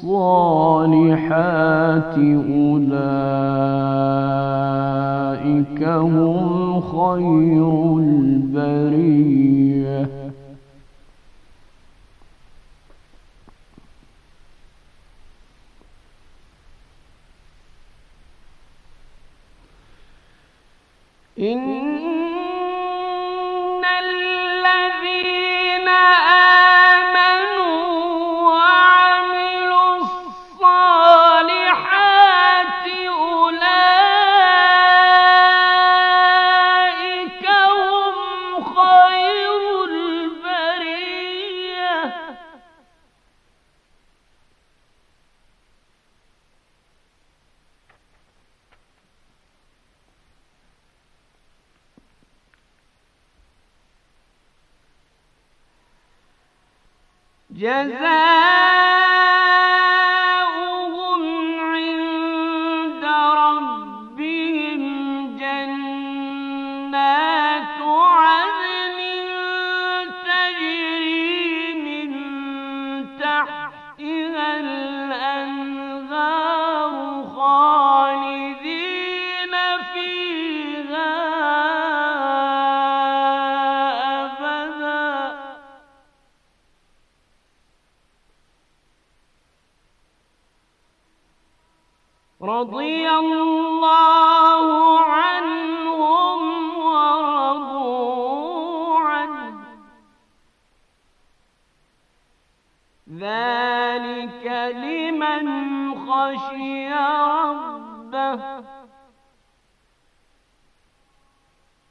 الصالحات أولئك هم خير البريه الله عنهم ورضوا عنه ذلك لمن خشي ربه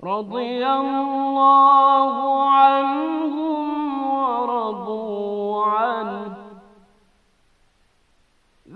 رضي الله عنهم ورضوا عنه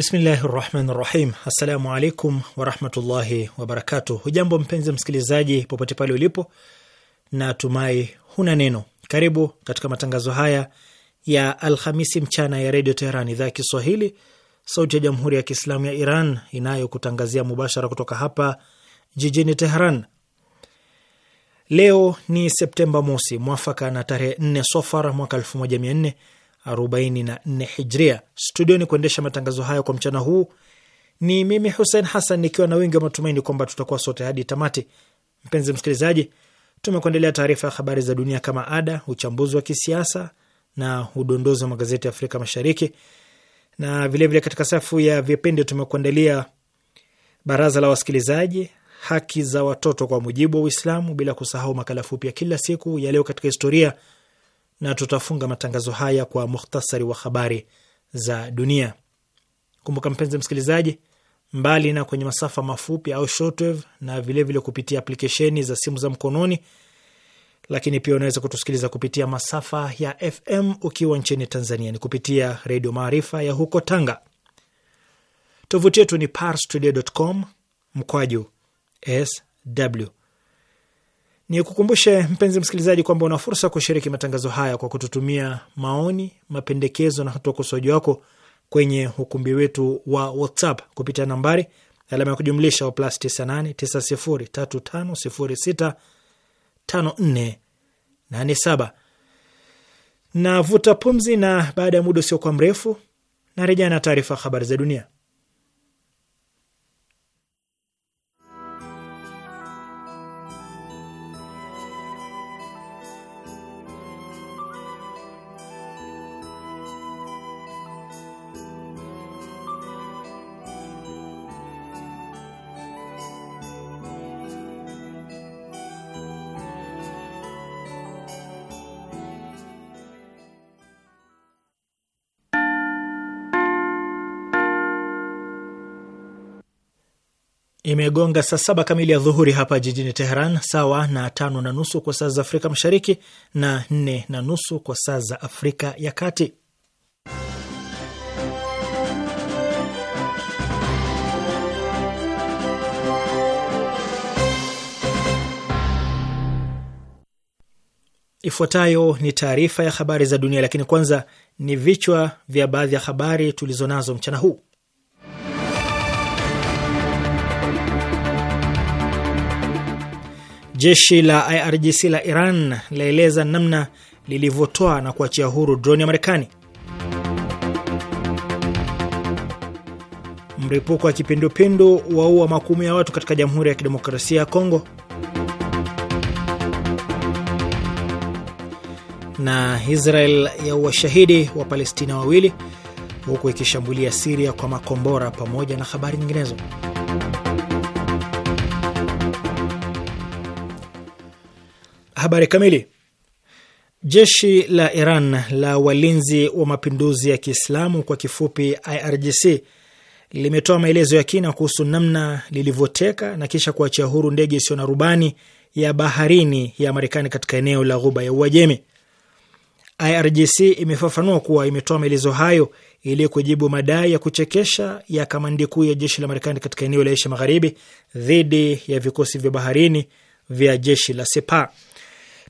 Bismillahi rahmani rahim. Assalamu alaikum warahmatullahi wabarakatu. Hujambo mpenzi msikilizaji, popote pale ulipo, na tumai huna neno. Karibu katika matangazo haya ya Alhamisi mchana ya Redio Teheran, idhaa ya Kiswahili, sauti ya Jamhuri ya Kiislamu ya Iran inayokutangazia mubashara kutoka hapa jijini Teheran. Leo ni Septemba mosi mwafaka na tarehe 4 Sofar mwaka 1400 44 Hijria. Studioni kuendesha matangazo haya kwa mchana huu ni mimi Hussein Hassan, nikiwa na wingi wa matumaini kwamba tutakuwa sote hadi tamati. Mpenzi msikilizaji, tumekuendelea taarifa ya habari za dunia kama ada, uchambuzi wa kisiasa na udondozi wa magazeti ya Afrika Mashariki, na vilevile vile katika safu ya vipindi tumekuandalia baraza la wasikilizaji, haki za watoto kwa mujibu wa Uislamu, bila kusahau makala fupi ya kila siku ya leo katika historia na tutafunga matangazo haya kwa muhtasari wa habari za dunia. Kumbuka mpenzi msikilizaji, mbali na kwenye masafa mafupi au shortwave na vilevile vile kupitia aplikesheni za simu za mkononi, lakini pia unaweza kutusikiliza kupitia masafa ya FM ukiwa nchini Tanzania ni kupitia Redio Maarifa ya huko Tanga. Tovuti yetu ni parstoday.com mkwaju sw ni kukumbushe mpenzi msikilizaji kwamba una fursa ya kushiriki matangazo haya kwa kututumia maoni, mapendekezo na hata ukosoaji wako kwenye ukumbi wetu wa WhatsApp kupitia nambari alama ya kujumlisha wa plus 98 9035 0654 Navuta pumzi, na baada ya muda usiokuwa mrefu narejea na taarifa habari za dunia. Imegonga saa saba kamili ya dhuhuri hapa jijini Teheran, sawa na tano na nusu kwa saa za Afrika Mashariki na nne na nusu kwa saa za Afrika ya Kati. Ifuatayo ni taarifa ya habari za dunia, lakini kwanza ni vichwa vya baadhi ya habari tulizonazo mchana huu. Jeshi la IRGC la Iran laeleza namna lilivyotoa na kuachia huru droni ya Marekani. mripuko wa kipindupindu waua makumi ya watu katika Jamhuri ya Kidemokrasia ya Kongo. Na Israel ya uwashahidi wa Palestina wawili huku ikishambulia Siria kwa makombora pamoja na habari nyinginezo. Habari kamili. Jeshi la Iran la walinzi wa mapinduzi ya Kiislamu kwa kifupi IRGC limetoa maelezo ya kina kuhusu namna lilivyoteka na kisha kuachia huru ndege isiyo na rubani ya baharini ya Marekani katika eneo la Ghuba ya Uajemi. IRGC imefafanua kuwa imetoa maelezo hayo ili kujibu madai ya kuchekesha ya kamandi kuu ya jeshi la Marekani katika eneo la Asia Magharibi dhidi ya vikosi vya baharini vya jeshi la Sepa.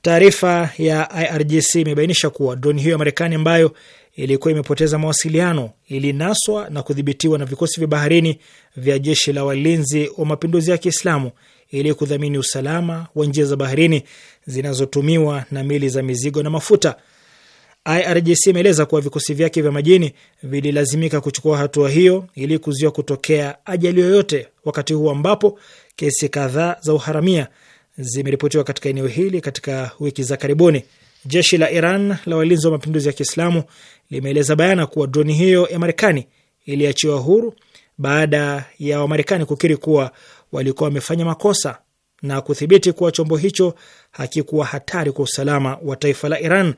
Taarifa ya IRGC imebainisha kuwa droni hiyo ya Marekani ambayo ilikuwa imepoteza mawasiliano ilinaswa na kudhibitiwa na vikosi vya baharini vya jeshi la walinzi wa mapinduzi ya Kiislamu ili kudhamini usalama wa njia za baharini zinazotumiwa na meli za mizigo na mafuta. IRGC imeeleza kuwa vikosi vyake vya majini vililazimika kuchukua hatua hiyo ili kuzuia kutokea ajali yoyote, wakati huu ambapo kesi kadhaa za uharamia zimeripotiwa katika eneo hili katika wiki za karibuni. Jeshi la Iran la walinzi wa mapinduzi ya Kiislamu limeeleza bayana kuwa droni hiyo ya Marekani iliachiwa huru baada ya Wamarekani kukiri kuwa walikuwa wamefanya makosa na kuthibiti kuwa chombo hicho hakikuwa hatari kwa usalama wa taifa la Iran.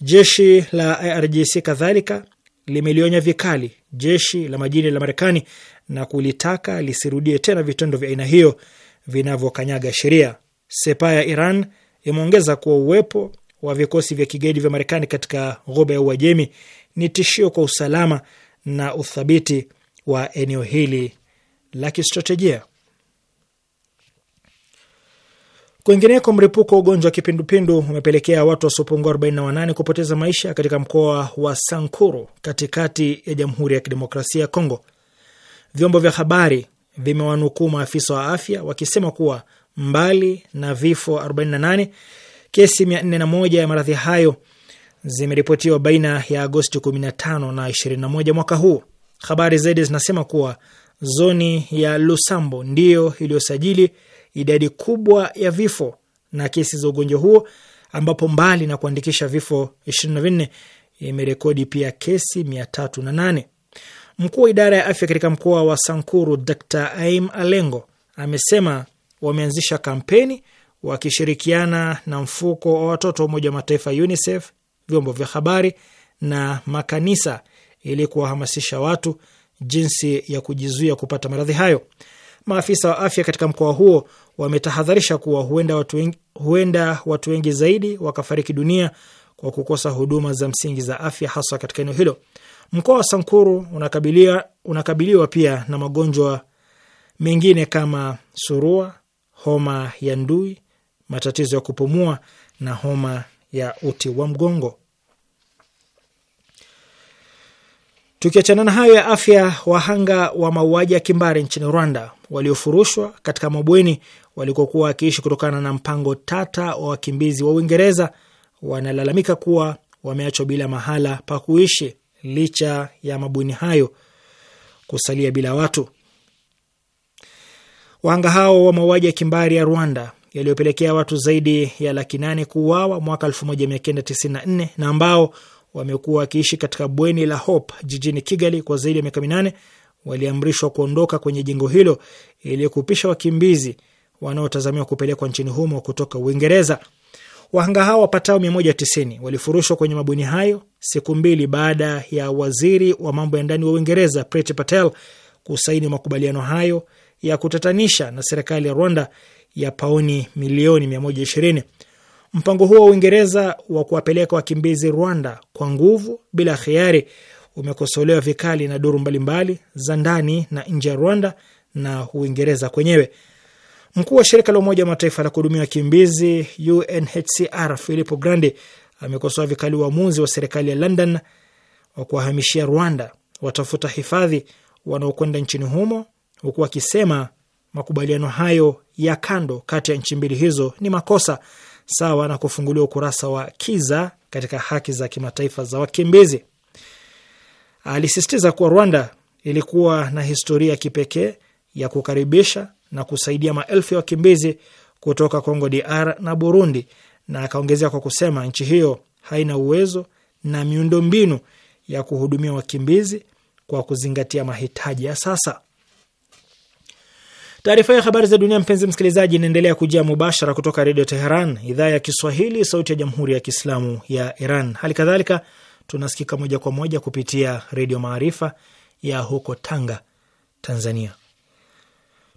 Jeshi la IRGC kadhalika limelionya vikali jeshi la majini la Marekani na kulitaka lisirudie tena vitendo vya aina hiyo vinavyokanyaga sheria. Sepa ya Iran imeongeza kuwa uwepo wa vikosi vya kigaidi vya Marekani katika ghuba ya Uajemi ni tishio kwa usalama na uthabiti wa eneo hili la kistratejia. Kwingineko, mlipuko wa ugonjwa wa kipindupindu umepelekea watu wasiopungua 48 kupoteza maisha katika mkoa wa Sankuru katikati ya Jamhuri ya Kidemokrasia ya Kongo. Vyombo vya habari vimewanukuu maafisa wa afya wakisema kuwa Mbali na vifo 48, kesi 401 ya maradhi hayo zimeripotiwa baina ya Agosti 15 na 21 mwaka huu. Habari zaidi zinasema kuwa zoni ya Lusambo ndiyo iliyosajili idadi kubwa ya vifo na kesi za ugonjwa huo, ambapo mbali na kuandikisha vifo 24 imerekodi pia kesi 308. Mkuu wa idara ya afya katika mkoa wa Sankuru, Dr Aim Alengo amesema wameanzisha kampeni wakishirikiana na mfuko wa watoto wa Umoja wa Mataifa UNICEF, vyombo vya habari na makanisa ili kuwahamasisha watu jinsi ya kujizuia kupata maradhi hayo. Maafisa wa afya katika mkoa huo wametahadharisha kuwa huenda watu wengi, huenda watu wengi zaidi wakafariki dunia kwa kukosa huduma za msingi za afya hasa katika eneo hilo. Mkoa wa Sankuru unakabiliwa, unakabiliwa pia na magonjwa mengine kama surua, homa ya ndui, matatizo ya kupumua na homa ya uti wa mgongo. Tukiachana na hayo ya afya, wahanga wa mauaji ya kimbari nchini Rwanda waliofurushwa katika mabweni walikokuwa wakiishi kutokana na mpango tata wa wakimbizi wa Uingereza wanalalamika kuwa wameachwa bila mahala pa kuishi licha ya mabweni hayo kusalia bila watu. Wahanga hao wa mauaji ya kimbari ya Rwanda yaliyopelekea watu zaidi ya laki nane kuuawa mwaka 1994 na ambao wamekuwa wakiishi katika bweni la Hope jijini Kigali kwa zaidi ya miaka minane waliamrishwa kuondoka kwenye jengo hilo ili kupisha wakimbizi wanaotazamiwa kupelekwa nchini humo kutoka Uingereza. Wahanga hao wapatao 190 walifurushwa kwenye mabweni hayo siku mbili baada ya waziri wa mambo ya ndani wa Uingereza Priti Patel kusaini makubaliano hayo ya kutatanisha na serikali ya Rwanda ya paoni milioni 120. Mpango huo wa Uingereza wa kuwapeleka wakimbizi Rwanda kwa nguvu bila hiari umekosolewa vikali na duru mbalimbali za ndani na nje ya Rwanda na Uingereza kwenyewe. Mkuu wa shirika la Umoja wa Mataifa la kuhudumia wakimbizi UNHCR Filippo Grandi amekosoa vikali uamuzi wa, wa serikali ya London wa kuwahamishia Rwanda watafuta hifadhi wanaokwenda nchini humo huku akisema makubaliano hayo ya kando kati ya nchi mbili hizo ni makosa sawa na kufunguliwa ukurasa wa kiza katika haki za kimataifa za wakimbizi. Alisisitiza kuwa Rwanda ilikuwa na historia ya kipekee ya kukaribisha na kusaidia maelfu ya wakimbizi kutoka congo DR na Burundi, na akaongezea kwa kusema nchi hiyo haina uwezo na miundombinu ya kuhudumia wakimbizi kwa kuzingatia mahitaji ya sasa. Taarifa ya habari za dunia, mpenzi msikilizaji, inaendelea kujia mubashara kutoka Redio Teheran, idhaa ya Kiswahili, sauti ya jamhuri ya kiislamu ya Iran. Hali kadhalika tunasikika moja kwa moja kupitia Redio Maarifa ya huko Tanga, Tanzania.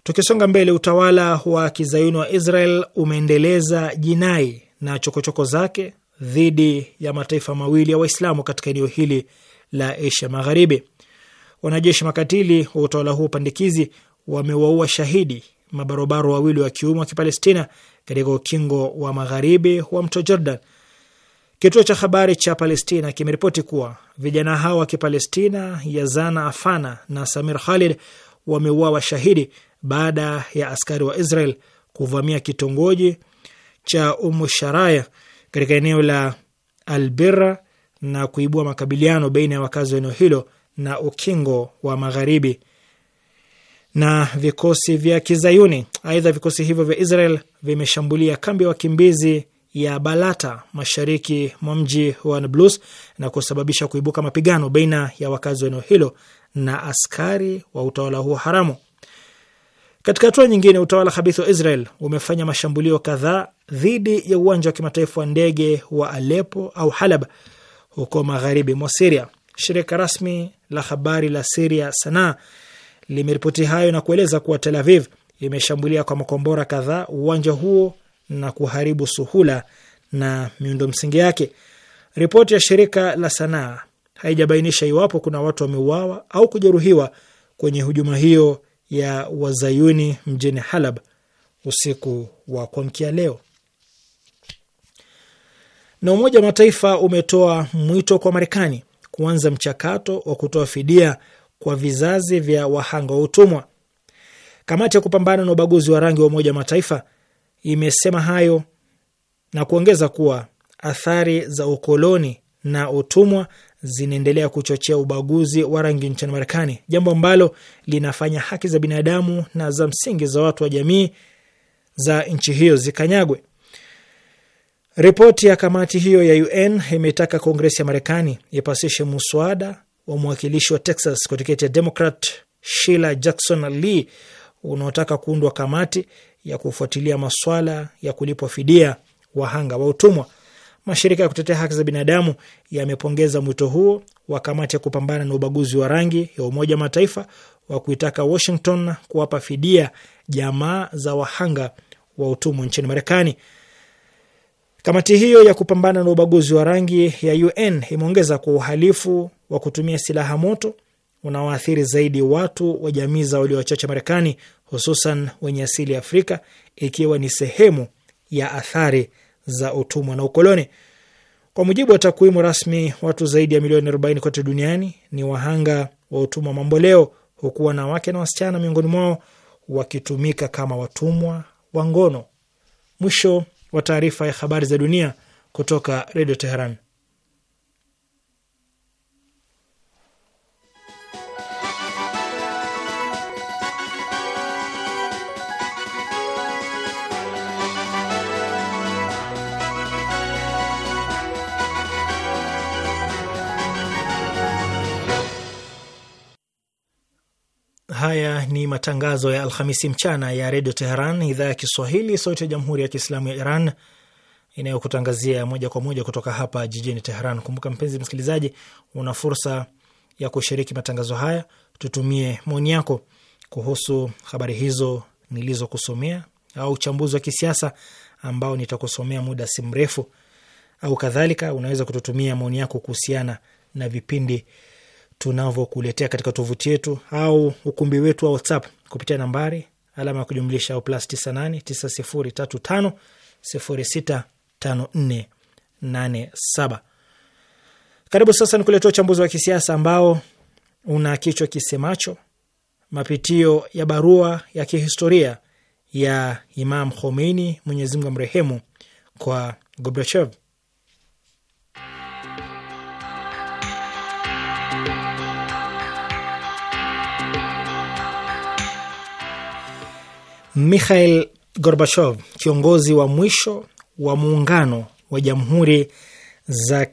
Tukisonga mbele, utawala wa kizayuni wa Israel umeendeleza jinai na chokochoko choko zake dhidi ya mataifa mawili ya Waislamu katika eneo hili la Asia Magharibi. Wanajeshi makatili wa utawala huo pandikizi wamewaua shahidi mabarobaro wawili wa kiume wa Kipalestina katika ukingo wa magharibi wa mto Jordan. Kituo cha habari cha Palestina kimeripoti kuwa vijana hao wa Kipalestina Yazana Afana na Samir Khalid wameuawa shahidi baada ya askari wa Israel kuvamia kitongoji cha Umu Sharaya katika eneo la Albira na kuibua makabiliano baina ya wakazi wa eneo hilo na ukingo wa magharibi na vikosi vya Kizayuni. Aidha, vikosi hivyo vya Israel vimeshambulia kambi ya wakimbizi ya Balata mashariki mwa mji wa Nablus na kusababisha kuibuka mapigano baina ya wakazi wa eneo hilo na askari wa utawala huo haramu. Katika hatua nyingine, utawala habithi wa Israel umefanya mashambulio kadhaa dhidi ya uwanja wa kimataifa wa ndege wa Alepo au Halab huko magharibi mwa Siria. Shirika rasmi la habari la Siria Sanaa limeripoti hayo na kueleza kuwa Tel Aviv imeshambulia kwa makombora kadhaa uwanja huo na kuharibu suhula na miundo msingi yake. Ripoti ya shirika la Sanaa haijabainisha iwapo kuna watu wameuawa au kujeruhiwa kwenye hujuma hiyo ya wazayuni mjini Halab usiku wa kuamkia leo. Na Umoja wa Mataifa umetoa mwito kwa Marekani kuanza mchakato wa kutoa fidia kwa vizazi vya wahanga wa utumwa. Kamati ya kupambana na ubaguzi wa rangi wa Umoja wa Mataifa imesema hayo na kuongeza kuwa athari za ukoloni na utumwa zinaendelea kuchochea ubaguzi wa rangi nchini Marekani, jambo ambalo linafanya haki za binadamu na za msingi za watu wa jamii za nchi hiyo zikanyagwe. Ripoti ya kamati hiyo ya UN imetaka Kongresi ya Marekani ipasishe muswada wa mwakilishi wa Texas kwa tiketi ya Democrat Sheila Jackson Lee unaotaka kuundwa kamati ya kufuatilia maswala ya kulipwa fidia wahanga wa utumwa. Mashirika ya kutetea haki za binadamu yamepongeza mwito huo wa kamati ya kupambana na ubaguzi wa rangi ya Umoja wa Mataifa wa kuitaka Washington kuwapa fidia jamaa za wahanga wa utumwa nchini Marekani. Kamati hiyo ya kupambana na ubaguzi wa rangi ya UN imeongeza kwa uhalifu wa kutumia silaha moto unaoathiri zaidi watu wa jamii za walio wachache Marekani, hususan wenye asili ya Afrika, ikiwa ni sehemu ya athari za utumwa na ukoloni. Kwa mujibu wa takwimu rasmi, watu zaidi ya milioni 40 kote duniani ni wahanga wa utumwa mamboleo, huku wanawake na wasichana miongoni mwao wakitumika kama watumwa wa ngono. Mwisho wa taarifa ya habari za dunia kutoka Redio Teheran. matangazo ya Alhamisi mchana ya Redio Teheran, idhaa ya Kiswahili, sauti ya Jamhuri ya Kiislamu ya Iran inayokutangazia moja kwa moja kutoka hapa jijini Teheran. Kumbuka mpenzi msikilizaji, una fursa ya kushiriki matangazo haya. Tutumie maoni yako kuhusu habari hizo nilizokusomea au uchambuzi wa kisiasa ambao nitakusomea muda si mrefu au kadhalika. Unaweza kututumia maoni yako kuhusiana na vipindi tunavyokuletea katika tovuti yetu au ukumbi wetu wa WhatsApp kupitia nambari alama ya kujumlisha au plus 989035065487. Karibu sasa ni kuletea uchambuzi wa kisiasa ambao una kichwa kisemacho mapitio ya barua ya kihistoria ya Imam Khomeini, Mwenyezi Mungu amrehemu, kwa Gorbachev. Mikhail Gorbachev, kiongozi wa mwisho wa muungano wa jamhuri za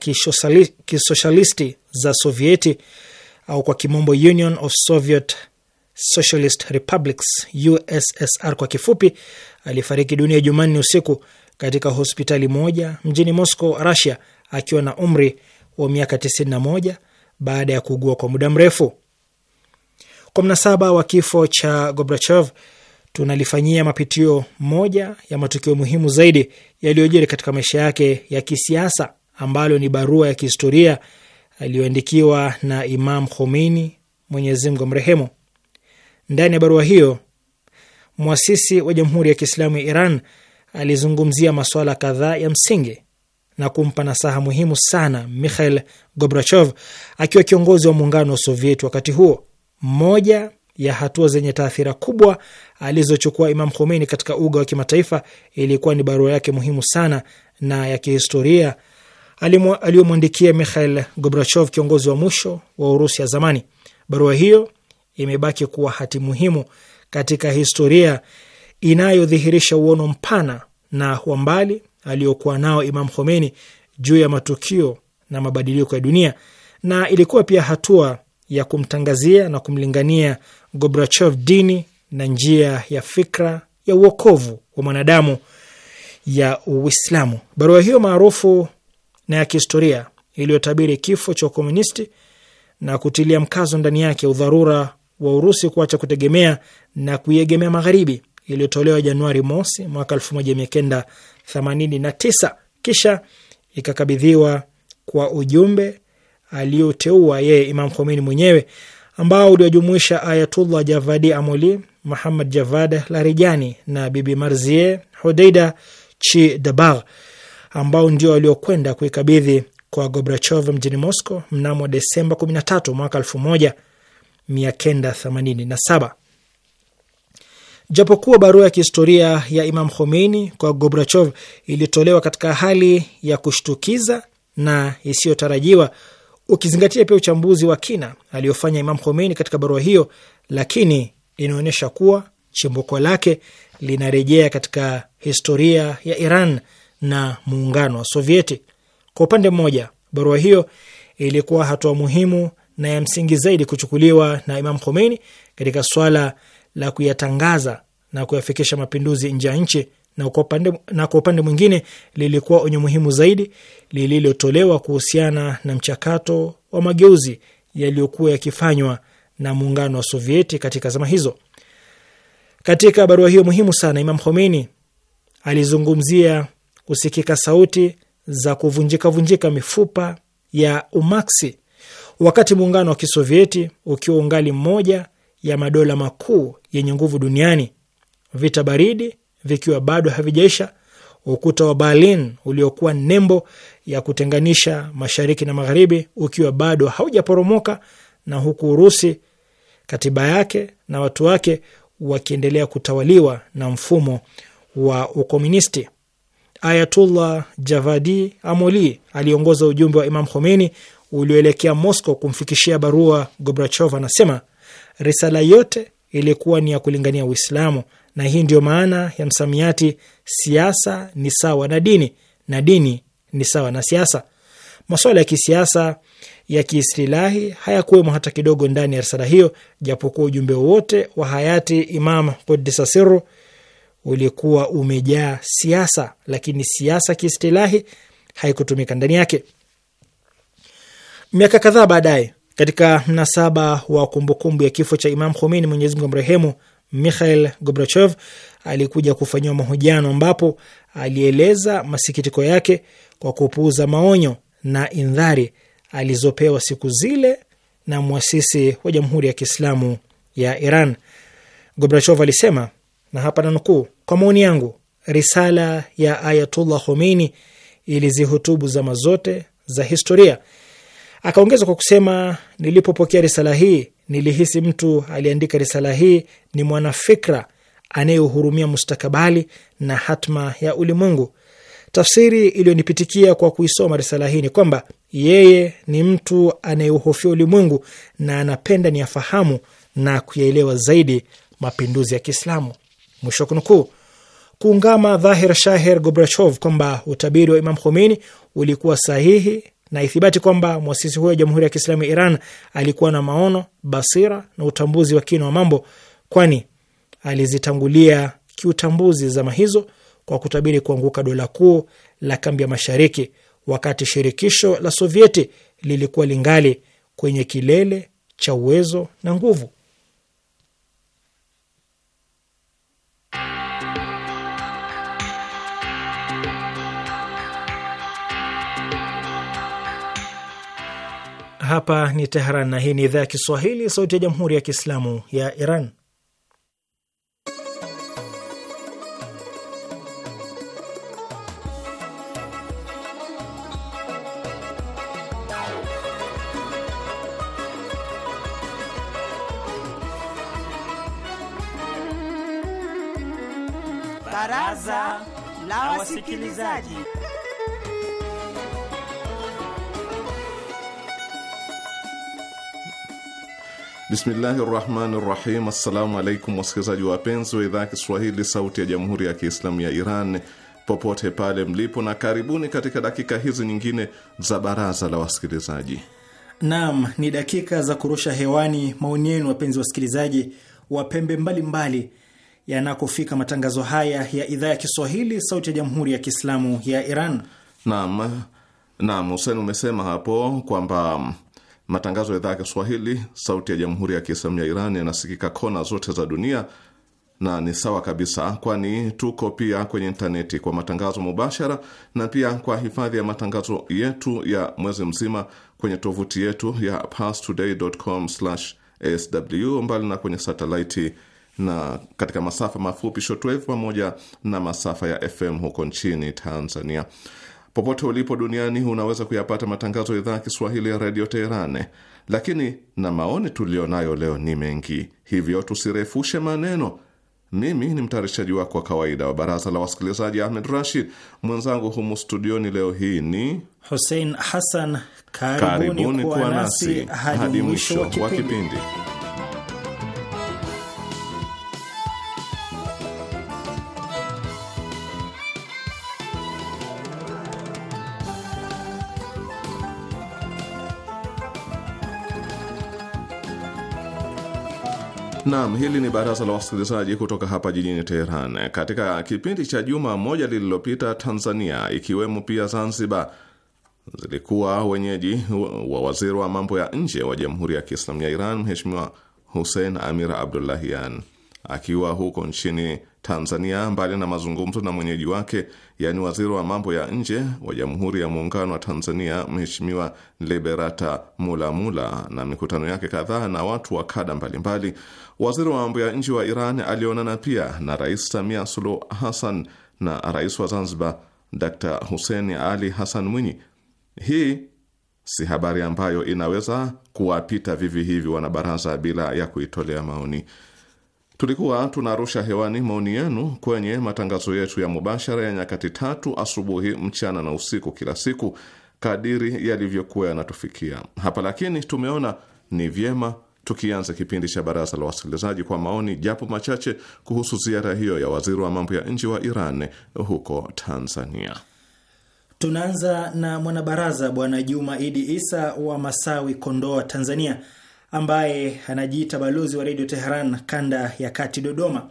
kisoshalisti za Sovieti au kwa kimombo Union of Soviet Socialist Republics, USSR kwa kifupi, alifariki dunia Jumanne usiku katika hospitali moja mjini Moscow, Russia, akiwa na umri wa miaka 91 baada ya kuugua kwa muda mrefu. Kwa mnasaba wa kifo cha Gorbachev, tunalifanyia mapitio moja ya matukio muhimu zaidi yaliyojiri katika maisha yake ya kisiasa ambalo ni barua ya kihistoria aliyoandikiwa na Imam Khomeini, Mwenyezi Mungu amrehemu. Ndani ya barua hiyo, mwasisi wa Jamhuri ya Kiislamu ya Iran alizungumzia masuala kadhaa ya msingi na kumpa nasaha muhimu sana Mikhail Gorbachev akiwa kiongozi wa muungano wa Sovieti wakati huo. Moja ya hatua zenye taathira kubwa alizochukua Imam Khomeini katika uga wa kimataifa ilikuwa ni barua yake muhimu sana na ya kihistoria aliyomwandikia Mikhail Gorbachev, kiongozi wa mwisho wa Urusi ya zamani. Barua hiyo imebaki kuwa hati muhimu katika historia inayodhihirisha uono mpana na wa mbali aliyokuwa nao Imam Khomeini juu ya matukio na mabadiliko ya dunia, na ilikuwa pia hatua ya kumtangazia na kumlingania Gorbachev dini na njia ya fikra ya uokovu wa mwanadamu ya Uislamu. Barua hiyo maarufu na ya kihistoria iliyotabiri kifo cha ukomunisti na kutilia mkazo ndani yake udharura wa Urusi kuacha kutegemea na kuiegemea Magharibi, iliyotolewa Januari mosi mwaka 1989 kisha ikakabidhiwa kwa ujumbe aliyoteua yeye Imam Khomeini mwenyewe ambao uliojumuisha Ayatullah Javadi Amoli, Muhammad Javad Larijani na Bibi Marzie Hodeida Chi Dabar ambao ndio waliokwenda kuikabidhi kwa Gorbachev mjini Moscow mnamo Desemba 13 mwaka 1987. Japokuwa barua ya kihistoria ya Imam Khomeini kwa Gorbachev ilitolewa katika hali ya kushtukiza na isiyotarajiwa ukizingatia pia uchambuzi wa kina aliyofanya Imam Khomeini katika barua hiyo, lakini inaonyesha kuwa chimbuko lake linarejea katika historia ya Iran na muungano wa Sovieti. Kwa upande mmoja, barua hiyo ilikuwa hatua muhimu na ya msingi zaidi kuchukuliwa na Imam Khomeini katika swala la kuyatangaza na kuyafikisha mapinduzi nje ya nchi na kwa upande, mwingine lilikuwa onyo muhimu zaidi lililotolewa kuhusiana na mchakato wa mageuzi yaliyokuwa yakifanywa na muungano wa Sovieti katika zama hizo. Katika barua hiyo muhimu sana, Imam Khomeini alizungumzia kusikika sauti za kuvunjika vunjika mifupa ya umaksi wakati muungano wa Kisovieti ukiwa ungali mmoja ya madola makuu yenye nguvu duniani. Vita baridi vikiwa bado havijaisha, ukuta wa Berlin uliokuwa nembo ya kutenganisha mashariki na magharibi ukiwa bado haujaporomoka, na huku Urusi katiba yake na watu wake wakiendelea kutawaliwa na mfumo wa ukomunisti. Ayatullah Javadi Amoli aliongoza ujumbe wa Imam Khomeini ulioelekea Moscow kumfikishia barua Gorbachev, anasema risala yote ilikuwa ni ya kulingania Uislamu na hii ndiyo maana ya msamiati siasa ni sawa na dini na dini ni sawa na siasa. Masuala ya kisiasa ya kiistilahi hayakuwemo hata kidogo ndani ya risala hiyo, japokuwa ujumbe wote wa hayati Imam Quddisa Sirru ulikuwa umejaa siasa, lakini siasa kiistilahi haikutumika ndani yake. Miaka kadhaa baadaye, katika mnasaba wa kumbukumbu ya kifo cha Imam Khomeini, Mwenyezi Mungu amrehemu, Mikhail Gorbachev alikuja kufanyiwa mahojiano ambapo alieleza masikitiko yake kwa kupuuza maonyo na indhari alizopewa siku zile na mwasisi wa Jamhuri ya Kiislamu ya Iran. Gorbachev alisema, na hapa nanukuu: kwa maoni yangu, risala ya Ayatullah Khomeini ilizihutubu zama zote za historia. Akaongeza kwa kusema, nilipopokea risala hii nilihisi mtu aliandika risala hii ni mwanafikra anayehurumia mustakabali na hatma ya ulimwengu. Tafsiri iliyonipitikia kwa kuisoma risala hii ni kwamba yeye ni mtu anayeuhofia ulimwengu na anapenda ni yafahamu na kuyaelewa zaidi mapinduzi ya Kiislamu. Mwisho kunukuu. Kuungama dhahir shahir Gorbachev kwamba utabiri wa Imam Khomeini ulikuwa sahihi na ithibati kwamba mwasisi huyo wa Jamhuri ya Kiislamu ya Iran alikuwa na maono, basira na utambuzi wa kina wa mambo, kwani alizitangulia kiutambuzi zama hizo kwa kutabiri kuanguka dola kuu la kambi ya Mashariki wakati shirikisho la Sovieti lilikuwa lingali kwenye kilele cha uwezo na nguvu. Hapa ni teheran na hii ni idhaa ya Kiswahili, sauti ya jamhuri ya kiislamu ya Iran. Baraza la Wasikilizaji. Bismillahi rahmani rahim. Assalamu alaikum wasikilizaji wapenzi wa idhaa ya Kiswahili sauti ya jamhuri ya Kiislamu ya Iran popote pale mlipo, na karibuni katika dakika hizi nyingine za baraza la wasikilizaji. Naam, ni dakika za kurusha hewani maoni yenu wapenzi wasikilizaji wa pembe mbalimbali yanakofika matangazo haya ya idhaa ya Kiswahili sauti ya jamhuri ya Kiislamu ya Iran. Naam, naam, Husen umesema hapo kwamba Matangazo ya idhaa ya Kiswahili sauti ya jamhuri ya Kiislamu ya Iran yanasikika kona zote za dunia na ni sawa kabisa, kwani tuko pia kwenye intaneti kwa matangazo mubashara na pia kwa hifadhi ya matangazo yetu ya mwezi mzima kwenye tovuti yetu ya parstoday.com/sw, mbali na kwenye satelaiti na katika masafa mafupi shortwave pamoja na masafa ya FM huko nchini Tanzania. Popote ulipo duniani unaweza kuyapata matangazo ya idhaa ya Kiswahili ya redio Teheran, lakini na maoni tuliyo nayo leo ni mengi, hivyo tusirefushe maneno. Mimi ni mtayarishaji wako wa kawaida wa baraza la wasikilizaji Ahmed Rashid, mwenzangu humu studioni leo hii ni Hussein Hassan. Karibuni, karibuni kuwa nasi hadi mwisho wa kipindi. Naam, hili ni baraza la wasikilizaji kutoka hapa jijini Teheran. Katika kipindi cha juma moja lililopita, Tanzania ikiwemo pia Zanzibar zilikuwa wenyeji wa waziri wa mambo ya nje wa Jamhuri ya Kiislamu ya Iran, Mheshimiwa Hussein Amir Abdullahian akiwa huko nchini Tanzania, mbali na mazungumzo na mwenyeji wake, yaani waziri wa mambo ya nje wa Jamhuri ya Muungano wa Tanzania, Mheshimiwa Liberata Mulamula Mula, na mikutano yake kadhaa na watu wa kada mbalimbali, waziri wa mambo ya nje wa Iran alionana pia na Rais Samia Suluhu Hassan na rais wa Zanzibar Dr Hussein Ali Hassan Mwinyi. Hii si habari ambayo inaweza kuwapita vivi hivi wanabaraza bila ya kuitolea maoni. Tulikuwa tunarusha hewani maoni yenu kwenye matangazo yetu ya mubashara ya nyakati tatu asubuhi, mchana na usiku kila siku kadiri yalivyokuwa yanatufikia hapa, lakini tumeona ni vyema tukianza kipindi cha baraza la wasikilizaji kwa maoni japo machache kuhusu ziara hiyo ya waziri wa mambo ya nje wa Iran huko Tanzania. Tunaanza na mwanabaraza Bwana Juma Idi Isa wa Masawi, Kondoa, Tanzania ambaye anajiita balozi wa redio Teheran kanda ya kati Dodoma.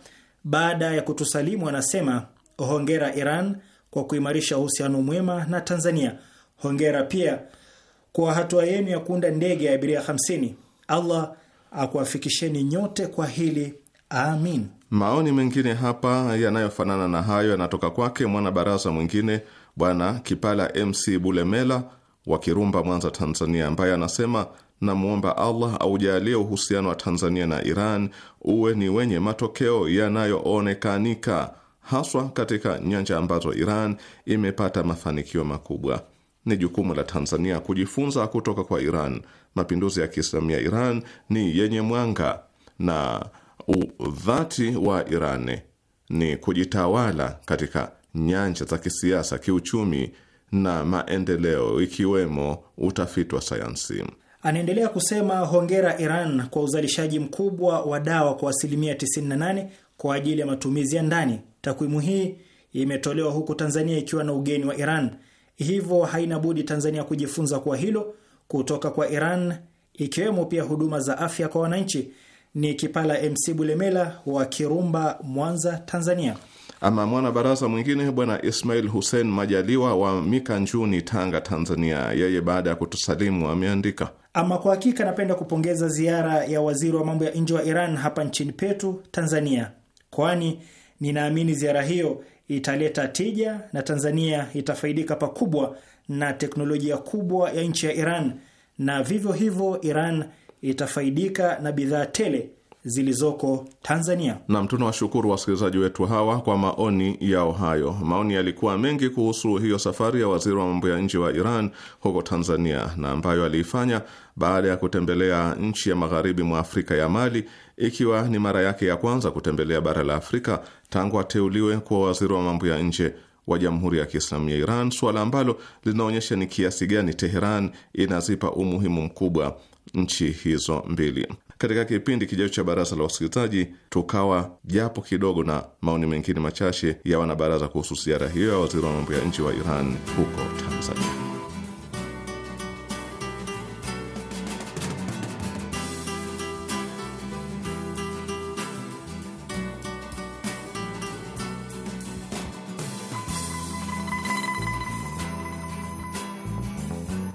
Baada ya kutusalimu, anasema hongera Iran kwa kuimarisha uhusiano mwema na Tanzania. Hongera pia kwa hatua yenu ya kuunda ndege ya abiria 50. Allah akuafikisheni nyote kwa hili, amin. Maoni mengine hapa yanayofanana na hayo yanatoka kwake mwanabaraza mwingine Bwana Kipala MC Bulemela wa Kirumba, Mwanza, Tanzania, ambaye anasema namwomba Allah aujalie uhusiano wa Tanzania na Iran uwe ni wenye matokeo yanayoonekanika haswa katika nyanja ambazo Iran imepata mafanikio makubwa. Ni jukumu la Tanzania kujifunza kutoka kwa Iran. Mapinduzi ya Kiislamu ya Iran ni yenye mwanga na udhati wa Iran ni kujitawala katika nyanja za kisiasa, kiuchumi na maendeleo, ikiwemo utafiti wa sayansi. Anaendelea kusema hongera Iran kwa uzalishaji mkubwa wa dawa kwa asilimia 98 kwa ajili ya matumizi ya ndani. Takwimu hii imetolewa huku Tanzania ikiwa na ugeni wa Iran, hivyo haina budi Tanzania kujifunza kwa hilo kutoka kwa Iran, ikiwemo pia huduma za afya kwa wananchi. Ni Kipala MC Bulemela wa Kirumba, Mwanza, Tanzania. Ama mwana baraza mwingine Bwana Ismail Hussein Majaliwa wa mika njuni Tanga, Tanzania, yeye baada ya kutusalimu ameandika ama kwa hakika napenda kupongeza ziara ya waziri wa mambo ya nje wa Iran hapa nchini petu Tanzania, kwani ninaamini ziara hiyo italeta tija na Tanzania itafaidika pakubwa na teknolojia kubwa ya nchi ya Iran, na vivyo hivyo Iran itafaidika na bidhaa tele zilizoko Tanzania. Nam, tunawashukuru wasikilizaji wetu hawa kwa maoni yao hayo. Maoni yalikuwa mengi kuhusu hiyo safari ya waziri wa mambo ya nje wa Iran huko Tanzania na ambayo aliifanya baada ya kutembelea nchi ya magharibi mwa Afrika ya Mali, ikiwa ni mara yake ya kwanza kutembelea bara la Afrika tangu ateuliwe kuwa waziri wa mambo ya nje wa Jamhuri ya Kiislamu ya Iran, suala ambalo linaonyesha ni kiasi gani Teheran inazipa umuhimu mkubwa nchi hizo mbili. Katika kipindi kijacho cha Baraza la Wasikilizaji, tukawa japo kidogo na maoni mengine machache ya wanabaraza kuhusu ziara hiyo ya waziri wa mambo ya nje wa Iran huko Tanzania.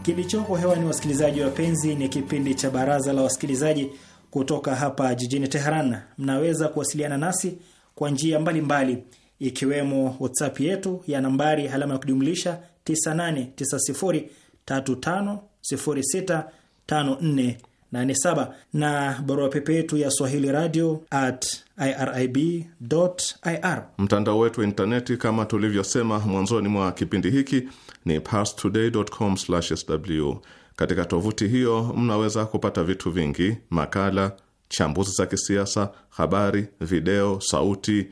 Kilichoko hewani, wasikilizaji wapenzi, ni kipindi cha Baraza la Wasikilizaji kutoka hapa jijini Teheran. Mnaweza kuwasiliana nasi kwa njia mbalimbali ikiwemo WhatsApp yetu ya nambari alama ya kujumlisha 9890350654 87 na barua pepe yetu ya swahili radio at irib ir. Mtandao wetu wa intaneti kama tulivyosema mwanzoni mwa kipindi hiki ni parstoday.com sw. Katika tovuti hiyo mnaweza kupata vitu vingi: makala, chambuzi za kisiasa, habari, video, sauti,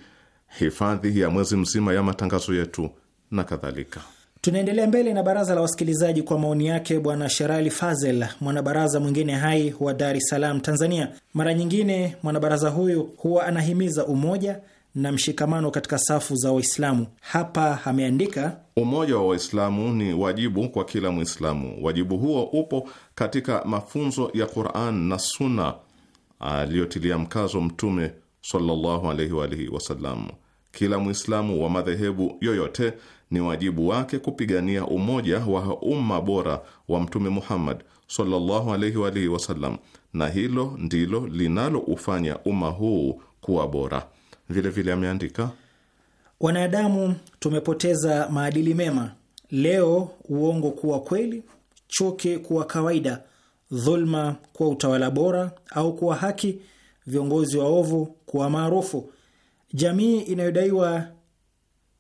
hifadhi ya mwezi mzima ya matangazo yetu na kadhalika. Tunaendelea mbele na baraza la wasikilizaji kwa maoni yake bwana Sherali Fazel, mwanabaraza mwingine hai wa Dar es Salaam, Tanzania. Mara nyingine mwanabaraza huyu huwa anahimiza umoja na mshikamano katika safu za Waislamu. Hapa ameandika, umoja wa Waislamu ni wajibu kwa kila Mwislamu. Wajibu huo upo katika mafunzo ya Quran na Sunna aliyotilia mkazo Mtume sallallahu alaihi wa alihi wasallam. Kila Mwislamu wa madhehebu yoyote ni wajibu wake kupigania umoja wa umma bora wa Mtume Muhammad sallallahu alaihi wa alihi wasallam, na hilo ndilo linaloufanya umma huu kuwa bora. Vilevile ameandika, wanadamu tumepoteza maadili mema leo, uongo kuwa kweli, chuki kuwa kawaida, dhulma kuwa utawala bora au kuwa haki, viongozi waovu kuwa maarufu. Jamii inayodaiwa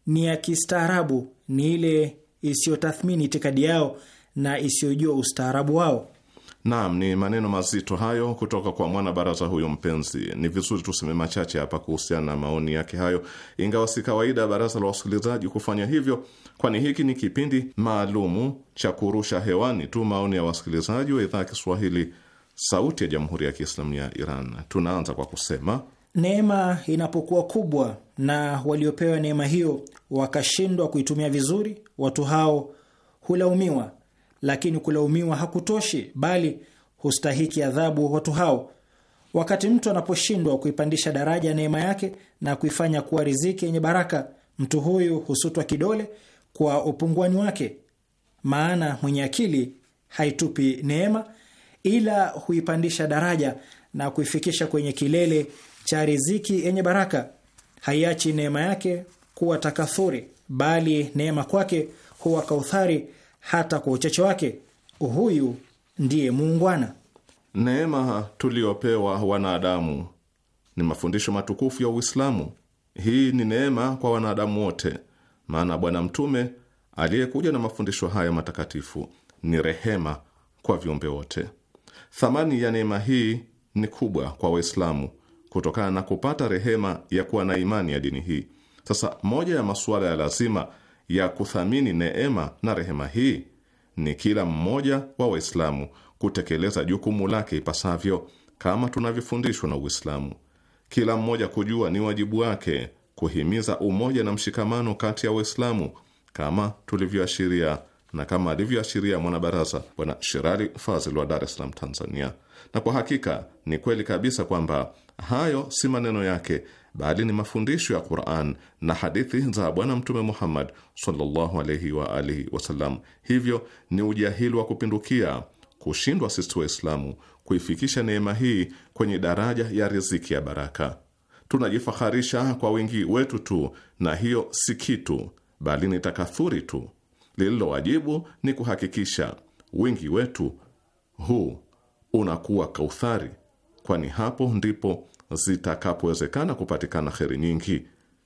ni ya kistaarabu, ni ile isiyotathmini itikadi yao na isiyojua ustaarabu wao. Naam, ni maneno mazito hayo kutoka kwa mwanabaraza huyo mpenzi. Ni vizuri tuseme machache hapa kuhusiana na maoni yake hayo, ingawa si kawaida baraza la wasikilizaji kufanya hivyo, kwani hiki ni kipindi maalumu cha kurusha hewani tu maoni ya wasikilizaji wa idhaa ya Kiswahili, Sauti ya Jamhuri ya Kiislamu ya Iran. Tunaanza kwa kusema Neema inapokuwa kubwa na waliopewa neema hiyo wakashindwa kuitumia vizuri, watu hao hulaumiwa, lakini kulaumiwa hakutoshi, bali hustahiki adhabu watu hao. Wakati mtu anaposhindwa kuipandisha daraja neema yake na kuifanya kuwa riziki yenye baraka, mtu huyu husutwa kidole kwa upunguani wake, maana mwenye akili haitupi neema, ila huipandisha daraja na kuifikisha kwenye kilele cha riziki yenye baraka, haiachi neema yake kuwa takathuri, bali neema kwake huwa kauthari hata kwa uchache wake. Huyu ndiye muungwana. Neema tuliyopewa wanadamu ni mafundisho matukufu ya Uislamu. Hii ni neema kwa wanadamu wote, maana Bwana Mtume aliyekuja na mafundisho haya matakatifu ni rehema kwa viumbe wote. Thamani ya neema hii ni kubwa kwa Waislamu kutokana na kupata rehema ya kuwa na imani ya dini hii. Sasa moja ya masuala ya lazima ya kuthamini neema na rehema hii ni kila mmoja wa Waislamu kutekeleza jukumu lake ipasavyo kama tunavyofundishwa na Uislamu, kila mmoja kujua ni wajibu wake kuhimiza umoja na mshikamano kati ya Waislamu kama tulivyoashiria na kama alivyoashiria mwanabaraza Bwana Shirali Fazil wa Dar es Salaam, Tanzania. Na kwa hakika ni kweli kabisa kwamba Hayo si maneno yake, bali ni mafundisho ya Quran na hadithi za Bwana Mtume Muhammad sallallahu alaihi wa alihi wasallam. Hivyo ni ujahili wa kupindukia kushindwa sisi Waislamu kuifikisha neema hii kwenye daraja ya riziki ya baraka. Tunajifaharisha kwa wingi wetu tu, na hiyo si kitu, bali ni takathuri tu. Lililowajibu ni kuhakikisha wingi wetu huu unakuwa kauthari kwani hapo ndipo zitakapowezekana kupatikana kheri nyingi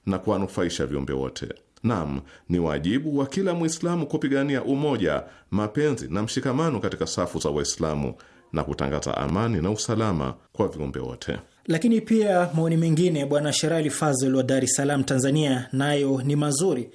na kuwanufaisha viumbe wote. Naam, ni wajibu wa kila Mwislamu kupigania umoja, mapenzi na mshikamano katika safu za Waislamu na kutangaza amani na usalama kwa viumbe wote. Lakini pia maoni mengine Bwana Sherali Fazl wa Dar es Salaam, Tanzania, nayo ni mazuri,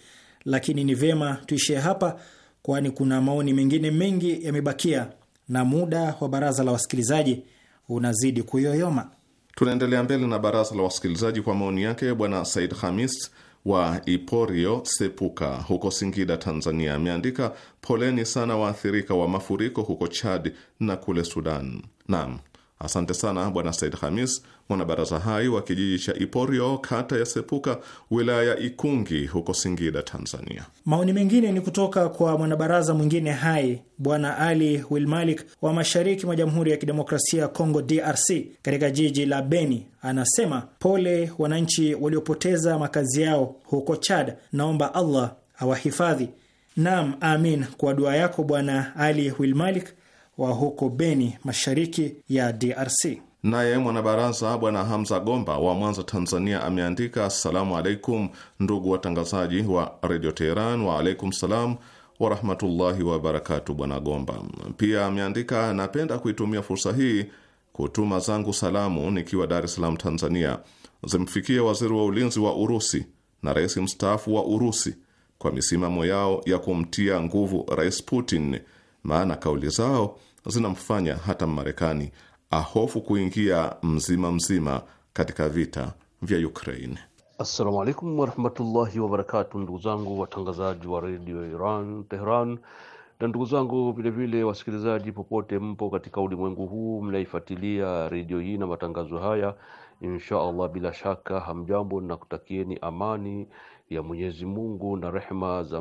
lakini ni vyema tuishie hapa, kwani kuna maoni mengine mengi yamebakia na muda wa baraza la wasikilizaji unazidi kuyoyoma. Tunaendelea mbele na baraza la wasikilizaji kwa maoni yake Bwana Said Hamis wa Iporio Sepuka huko Singida, Tanzania, ameandika poleni sana waathirika wa mafuriko huko Chad na kule Sudan. Naam, Asante sana Bwana Said Hamis, mwanabaraza hai wa kijiji cha Iporio, kata ya Sepuka, wilaya ya Ikungi, huko Singida, Tanzania. Maoni mengine ni kutoka kwa mwanabaraza mwingine hai Bwana Ali Wilmalik wa mashariki mwa Jamhuri ya Kidemokrasia ya Kongo, DRC, katika jiji la Beni. Anasema pole wananchi waliopoteza makazi yao huko Chad, naomba Allah awahifadhi. Naam, amin, kwa dua yako Bwana Ali Wilmalik wa huko Beni, mashariki ya DRC. Naye mwanabaraza Bwana Hamza Gomba wa Mwanza, Tanzania, ameandika assalamu alaikum, ndugu watangazaji wa redio Teheran. Waalaikum salam warahmatullahi wabarakatu, Bwana Gomba. Pia ameandika napenda kuitumia fursa hii kutuma zangu salamu nikiwa Dar es Salaam, Tanzania, zimfikie waziri wa ulinzi wa Urusi na rais mstaafu wa Urusi kwa misimamo yao ya kumtia nguvu Rais Putin maana kauli zao zinamfanya hata Mmarekani ahofu kuingia mzima mzima katika vita vya Ukraine. Assalamu alaikum warahmatullahi wabarakatu, ndugu zangu watangazaji wa redio Iran Teheran, na ndugu zangu vilevile wasikilizaji popote mpo katika ulimwengu huu mnaifuatilia redio hii na matangazo haya, insha Allah, bila shaka hamjambo na kutakieni amani ya Mwenyezi Mungu na rehma za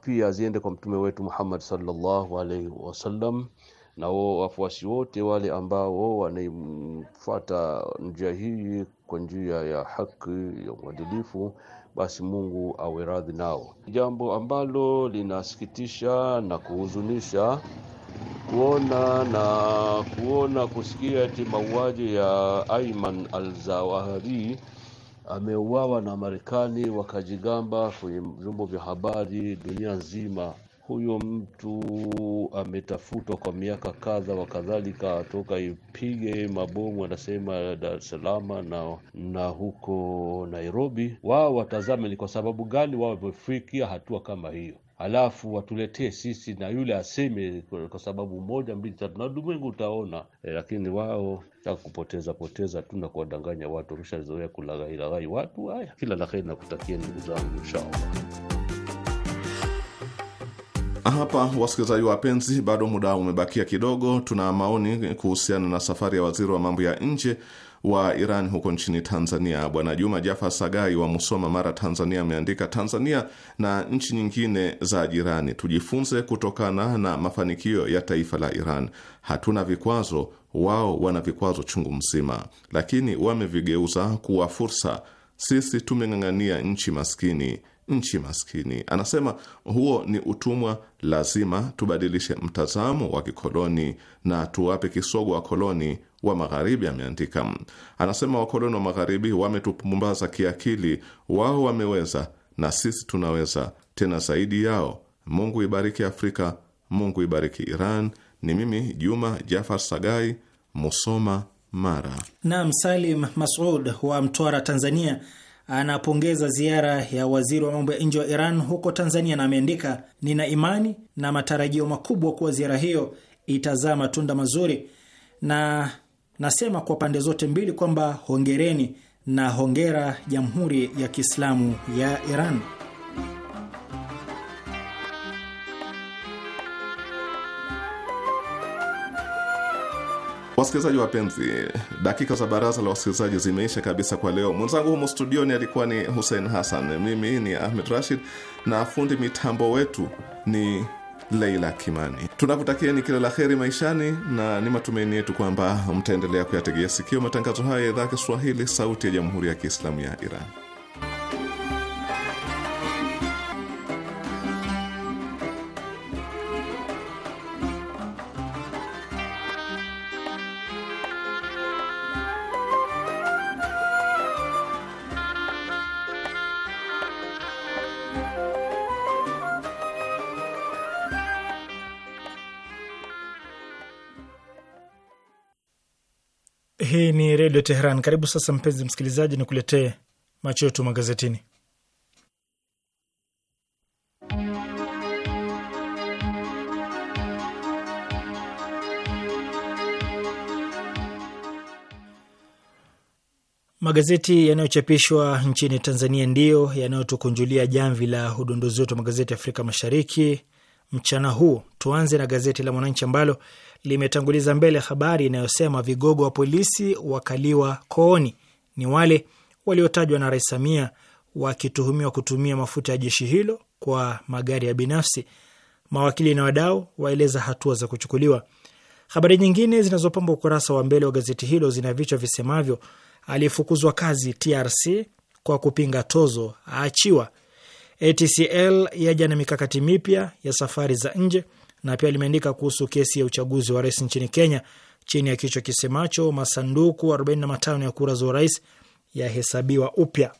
pia ziende kwa mtume wetu Muhammad salllahu alaihi wasallam na wafuasi wote wale ambao wanaifata njia hii kwa njia ya haki ya uadilifu, basi Mungu awe radhi nao. Jambo ambalo linasikitisha na kuhuzunisha kuona na kuona kusikia ti mauaji ya Aiman al ameuawa na Marekani wakajigamba kwenye vyombo vya habari dunia nzima. Huyo mtu ametafutwa kwa miaka kadha wa kadhalika, toka ipige mabomu anasema Dar es Salaam na, na huko Nairobi. Wao watazame ni kwa sababu gani wao wamefikia hatua kama hiyo alafu watuletee sisi na yule aseme kwa sababu moja mbili tatu, na ulimwengu utaona e, lakini wao taka kupoteza poteza tu na kuwadanganya watu, wameshazoea kulaghailaghai watu. Haya, kila la heri nakutakia ndugu zangu, inshaallah. Hapa wasikilizaji wapenzi, bado muda umebakia kidogo. Tuna maoni kuhusiana na safari ya waziri wa mambo ya nje wa Iran huko nchini Tanzania, Bwana Juma Jafar Sagai wa Musoma, Mara, Tanzania, ameandika Tanzania na nchi nyingine za jirani tujifunze kutokana na mafanikio ya taifa la Iran. Hatuna vikwazo, wao wana vikwazo chungu mzima, lakini wamevigeuza kuwa fursa. Sisi tumeng'ang'ania nchi maskini nchi maskini. Anasema huo ni utumwa, lazima tubadilishe mtazamo wa kikoloni na tuwape kisogo wa koloni wa Magharibi ameandika. Anasema wakoloni wa Magharibi wametupumbaza kiakili, wao wameweza na sisi tunaweza tena zaidi yao. Mungu ibariki Afrika, Mungu ibariki Iran. Ni mimi Juma Jafar Sagai, Musoma, Mara. Naam, Salim Masud wa Mtwara, Tanzania anapongeza ziara ya waziri wa mambo ya nje wa Iran huko Tanzania na ameandika, nina imani na matarajio makubwa kuwa ziara hiyo itazaa matunda mazuri, na Nasema kwa pande zote mbili kwamba hongereni na hongera Jamhuri ya Kiislamu ya Iran. Wasikilizaji wapenzi, dakika za baraza la wasikilizaji zimeisha kabisa kwa leo. Mwenzangu humu studioni alikuwa ni Hussein Hassan, mimi ni Ahmed Rashid na fundi mitambo wetu ni Leila Kimani. Tunakutakieni kila la heri maishani na ni matumaini yetu kwamba mtaendelea kuyategea sikio matangazo haya ya idhaa ya Kiswahili, Sauti ya Jamhuri ya Kiislamu ya Iran. Redio Teheran. Karibu sasa, mpenzi msikilizaji, ni kuletee macho yetu magazetini. Magazeti yanayochapishwa nchini Tanzania ndiyo yanayotukunjulia jamvi la udondozi wetu wa magazeti ya Afrika Mashariki mchana huu. Tuanze na gazeti la Mwananchi ambalo limetanguliza mbele habari inayosema vigogo wa polisi wakaliwa kooni. Ni wale waliotajwa na Rais Samia wakituhumiwa kutumia mafuta ya jeshi hilo kwa magari ya binafsi. Mawakili na wadau waeleza hatua za kuchukuliwa. Habari nyingine zinazopamba ukurasa wa mbele wa gazeti hilo zina vichwa visemavyo: aliyefukuzwa kazi TRC kwa kupinga tozo aachiwa, ATCL yaja na mikakati mipya ya safari za nje, na pia limeandika kuhusu kesi ya uchaguzi wa rais nchini Kenya chini ya kichwa kisemacho masanduku 45 ya kura za urais yahesabiwa upya.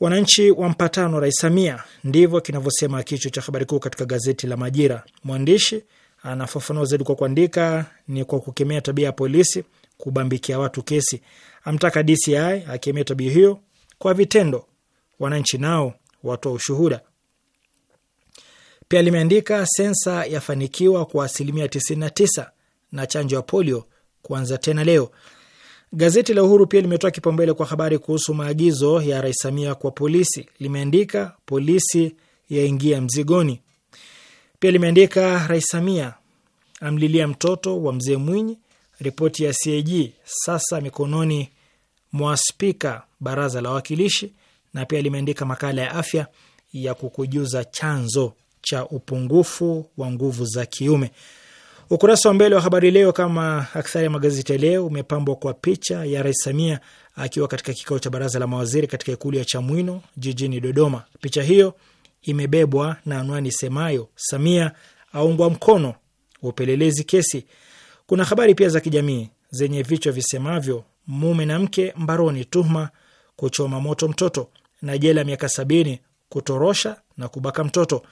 Wananchi wa mpatano Rais Samia, ndivyo kinavyosema kichwa cha habari kuu katika gazeti la Majira. Mwandishi anafafanua zaidi kwa kuandika, ni kwa kukemea tabia ya polisi kubambikia watu kesi, amtaka DCI akemea tabia hiyo kwa vitendo, wananchi nao watoa ushuhuda. Pia limeandika sensa yafanikiwa kwa asilimia 99 na chanjo ya polio kuanza tena leo. Gazeti la Uhuru pia limetoa kipaumbele kwa habari kuhusu maagizo ya Rais Samia kwa polisi. Limeandika polisi yaingia mzigoni. Pia limeandika Rais Samia amlilia mtoto wa mzee Mwinyi. Ripoti ya CAG sasa mikononi mwa spika baraza la wawakilishi, na pia limeandika makala ya afya ya kukujuza chanzo cha upungufu wa nguvu za kiume. Ukurasa wa mbele wa Habari Leo, kama akthari ya magazeti ya leo, umepambwa kwa picha ya Rais Samia akiwa katika kikao cha baraza la mawaziri katika ikulu ya Chamwino jijini Dodoma. Picha hiyo imebebwa na anwani semayo, Samia aungwa mkono upelelezi kesi. Kuna habari pia za kijamii zenye vichwa visemavyo, mume na mke mbaroni tuhuma kuchoma moto mtoto, na jela miaka sabini kutorosha na kubaka mtoto.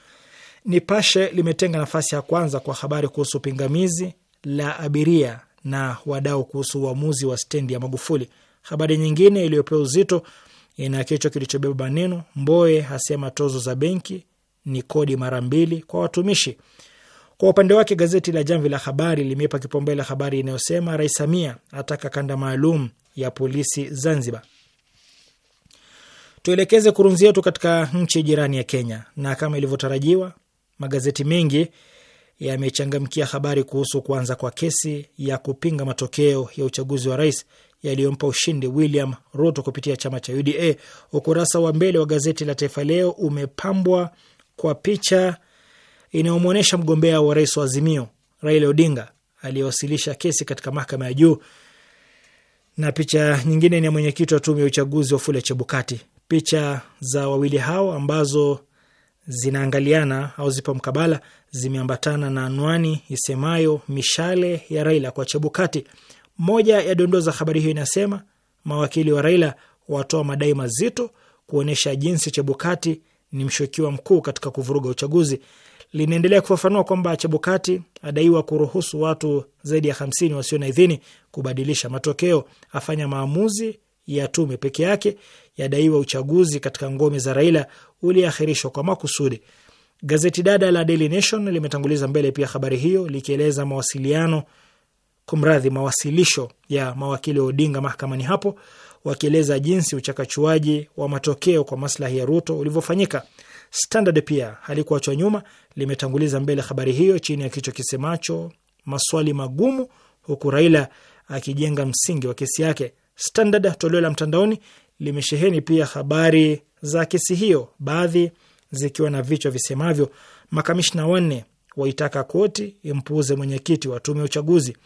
Nipashe limetenga nafasi ya kwanza kwa habari kuhusu pingamizi la abiria na wadau kuhusu uamuzi wa stendi ya Magufuli. Habari nyingine iliyopewa uzito ina kichwa kilichobeba maneno Mboe asema tozo za benki ni kodi mara mbili kwa watumishi. Kwa upande wake gazeti la Jamvi la Habari limeipa kipaumbele habari inayosema Rais Samia ataka kanda maalum ya polisi Zanzibar. Tuelekeze kurunzi yetu katika nchi jirani ya Kenya, na kama ilivyotarajiwa magazeti mengi yamechangamkia habari kuhusu kuanza kwa kesi ya kupinga matokeo ya uchaguzi wa rais yaliyompa ushindi William Ruto kupitia chama cha UDA. Ukurasa wa mbele wa gazeti la Taifa Leo umepambwa kwa picha inayomwonyesha mgombea wa rais wa Azimio Raila Odinga aliyewasilisha kesi katika mahakama ya juu, na picha nyingine ni ya mwenyekiti wa tume ya uchaguzi Wafula Chebukati. Picha za wawili hao ambazo zinaangaliana au zipo mkabala zimeambatana na anwani isemayo mishale ya Raila kwa Chebukati. Moja ya dondoo za habari hiyo inasema mawakili wa Raila watoa madai mazito kuonyesha jinsi Chebukati ni mshukiwa mkuu katika kuvuruga uchaguzi. Linaendelea kufafanua kwamba Chebukati adaiwa kuruhusu watu zaidi ya hamsini wasio na idhini kubadilisha matokeo, afanya maamuzi ya tume peke yake, yadaiwa uchaguzi katika ngome za Raila uliahirishwa kwa makusudi. Gazeti dada la Daily Nation limetanguliza mbele pia habari hiyo likieleza mawasiliano kumradhi, mawasilisho ya mawakili wa Odinga mahakamani hapo wakieleza jinsi uchakachuaji wa matokeo kwa maslahi ya Ruto ulivyofanyika. Standard pia halikuachwa nyuma, limetanguliza mbele habari hiyo chini ya kichwa kisemacho maswali magumu, huku Raila akijenga msingi wa kesi yake. Standard toleo la mtandaoni limesheheni pia habari za kesi hiyo, baadhi zikiwa na vichwa visemavyo: makamishna wanne waitaka koti impuuze mwenyekiti wa tume ya uchaguzi,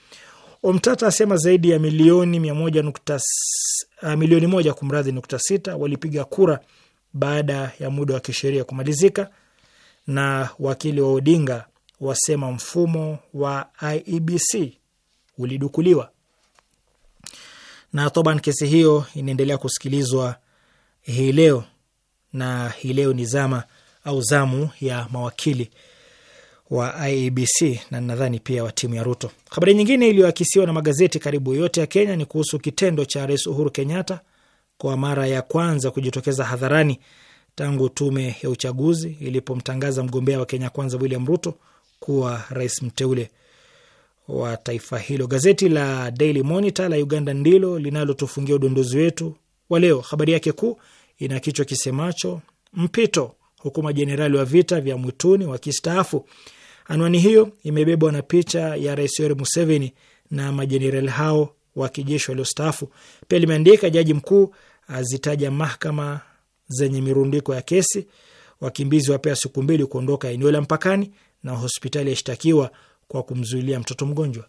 Omtata asema zaidi ya milioni mia moja nukta, ah, milioni moja kumradhi nukta sita walipiga kura baada ya muda wa kisheria kumalizika, na wakili wa Odinga wasema mfumo wa IEBC ulidukuliwa. Na toban kesi hiyo inaendelea kusikilizwa hii leo na hii leo ni zama au zamu ya mawakili wa IEBC na nadhani pia wa timu ya Ruto. Habari nyingine iliyoakisiwa na magazeti karibu yote ya Kenya ni kuhusu kitendo cha Rais Uhuru Kenyatta kwa mara ya kwanza kujitokeza hadharani tangu tume ya uchaguzi ilipomtangaza mgombea wa Kenya Kwanza William Ruto kuwa rais mteule wa taifa hilo. Gazeti la Daily Monitor la Uganda ndilo linalotufungia udondozi wetu wa leo. Habari yake kuu ina kichwa kisemacho mpito, huku majenerali wa vita vya mwituni wakistaafu. Anwani hiyo imebebwa na picha ya Rais Yoweri Museveni na majenerali hao wa kijeshi waliostaafu. Pia limeandika jaji mkuu azitaja mahakama zenye mirundiko ya kesi, wakimbizi wapewa siku mbili kuondoka eneo la mpakani, na hospitali yashtakiwa kwa kumzuilia mtoto mgonjwa.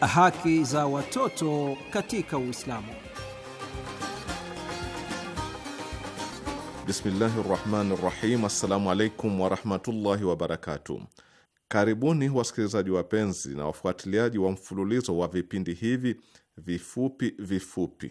Haki za watoto katika Uislamu. Bismillahi rahmani rahim. Assalamu alaikum warahmatullahi wabarakatuh. Karibuni wasikilizaji wapenzi na wafuatiliaji wa mfululizo wa vipindi hivi vifupi vifupi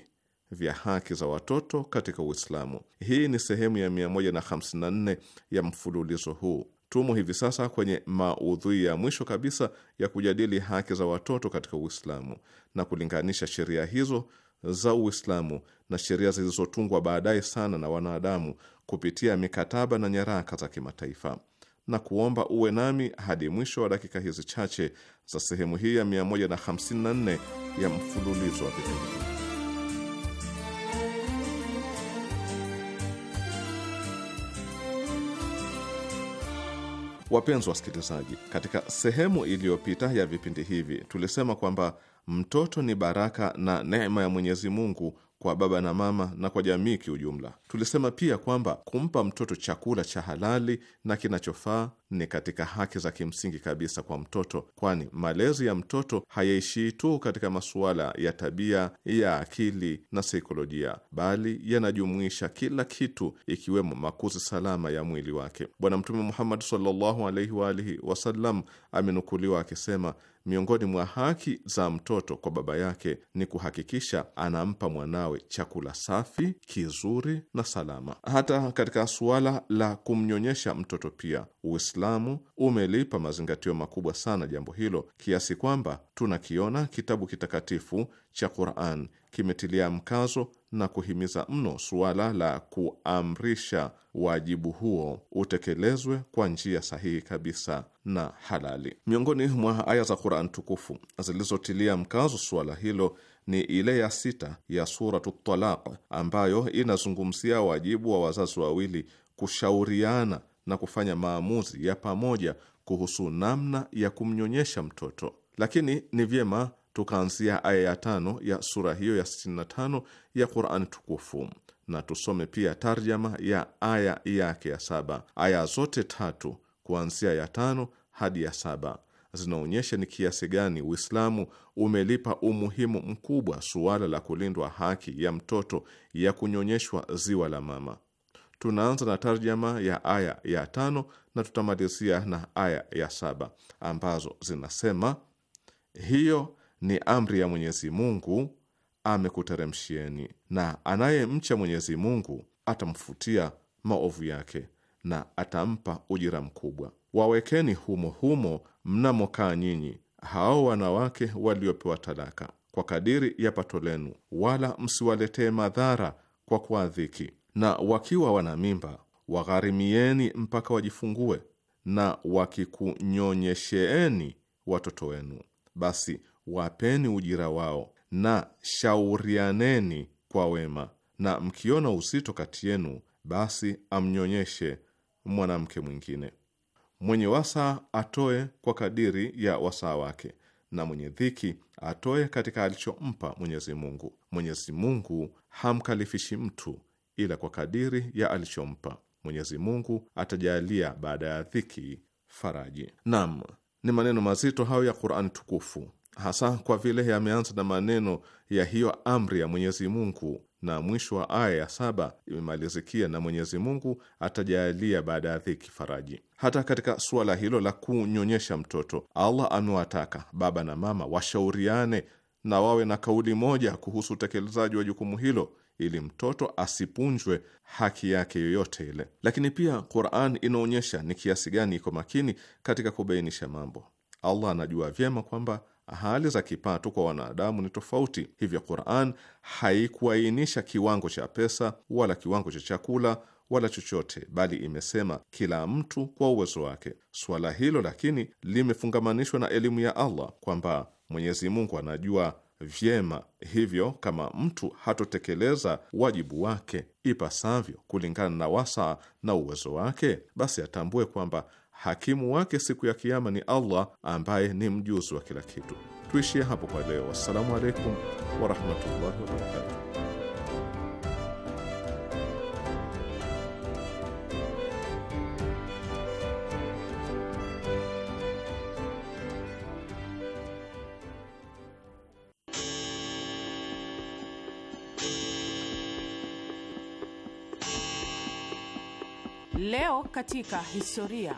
vya haki za watoto katika Uislamu. Hii ni sehemu ya 154 ya mfululizo huu. Tumo hivi sasa kwenye maudhui ya mwisho kabisa ya kujadili haki za watoto katika Uislamu na kulinganisha sheria hizo za Uislamu na sheria zilizotungwa baadaye sana na wanadamu kupitia mikataba na nyaraka za kimataifa, na kuomba uwe nami hadi mwisho wa dakika hizi chache za sehemu hii ya 154 ya mfululizo wa vipindi. Wapenzi wasikilizaji, katika sehemu iliyopita ya vipindi hivi tulisema kwamba mtoto ni baraka na neema ya Mwenyezi Mungu kwa baba na mama na kwa jamii kiujumla. Tulisema pia kwamba kumpa mtoto chakula cha halali na kinachofaa, ni katika haki za kimsingi kabisa kwa mtoto, kwani malezi ya mtoto hayaishii tu katika masuala ya tabia, ya akili na saikolojia, bali yanajumuisha kila kitu, ikiwemo makuzi salama ya mwili wake. Bwana Mtume Muhammad sallallahu alaihi wa alihi wasallam amenukuliwa akisema Miongoni mwa haki za mtoto kwa baba yake ni kuhakikisha anampa mwanawe chakula safi, kizuri na salama. Hata katika suala la kumnyonyesha mtoto pia Uislamu umelipa mazingatio makubwa sana jambo hilo kiasi kwamba tunakiona kitabu kitakatifu cha Qur'an kimetilia mkazo na kuhimiza mno suala la kuamrisha wajibu huo utekelezwe kwa njia sahihi kabisa na halali. Miongoni mwa aya za Qur'an tukufu zilizotilia mkazo suala hilo ni ile ya sita ya Suratu Talaq ambayo inazungumzia wajibu wa wazazi wawili kushauriana na kufanya maamuzi ya pamoja kuhusu namna ya kumnyonyesha mtoto, lakini ni vyema tukaanzia aya ya tano ya sura hiyo ya 65 ya Qur'an tukufu na tusome pia tarjama ya aya yake ya saba. Aya zote tatu kuanzia ya tano hadi ya saba zinaonyesha ni kiasi gani Uislamu umelipa umuhimu mkubwa suala la kulindwa haki ya mtoto ya kunyonyeshwa ziwa la mama tunaanza na tarjama ya aya ya tano na tutamalizia na aya ya saba ambazo zinasema: hiyo ni amri ya Mwenyezi Mungu amekuteremshieni, na anayemcha Mwenyezi Mungu atamfutia maovu yake na atampa ujira mkubwa. Wawekeni humo humo mnamokaa nyinyi hao wanawake waliopewa talaka kwa kadiri ya pato lenu, wala msiwaletee madhara kwa kuadhiki na wakiwa wana mimba wagharimieni mpaka wajifungue, na wakikunyonyesheeni watoto wenu, basi wapeni ujira wao na shaurianeni kwa wema, na mkiona uzito kati yenu, basi amnyonyeshe mwanamke mwingine. Mwenye wasaa atoe kwa kadiri ya wasaa wake, na mwenye dhiki atoe katika alichompa Mwenyezi Mungu. Mwenyezi Mungu hamkalifishi mtu ila kwa kadiri ya alichompa Mwenyezi Mungu atajalia baada ya dhiki faraji. Naam, ni maneno mazito hayo ya Qur'an tukufu, hasa kwa vile yameanza na maneno ya hiyo amri ya Mwenyezi Mungu na mwisho wa aya ya saba imemalizikia na Mwenyezi Mungu atajalia baada ya dhiki faraji. Hata katika suala hilo la kunyonyesha mtoto, Allah amewataka baba na mama washauriane na wawe na kauli moja kuhusu utekelezaji wa jukumu hilo ili mtoto asipunjwe haki yake yoyote ile. Lakini pia Qur'an inaonyesha ni kiasi gani iko makini katika kubainisha mambo. Allah anajua vyema kwamba hali za kipato kwa wanadamu ni tofauti, hivyo Qur'an haikuainisha kiwango cha pesa wala kiwango cha chakula wala chochote, bali imesema kila mtu kwa uwezo wake. Suala hilo lakini limefungamanishwa na elimu ya Allah kwamba Mwenyezi Mungu anajua vyema. Hivyo, kama mtu hatotekeleza wajibu wake ipasavyo kulingana na wasaa na uwezo wake, basi atambue kwamba hakimu wake siku ya Kiama ni Allah ambaye ni mjuzi wa kila kitu. Tuishie hapo kwa leo. Wassalamu alaikum warahmatullahi wabarakatuh. Leo katika historia.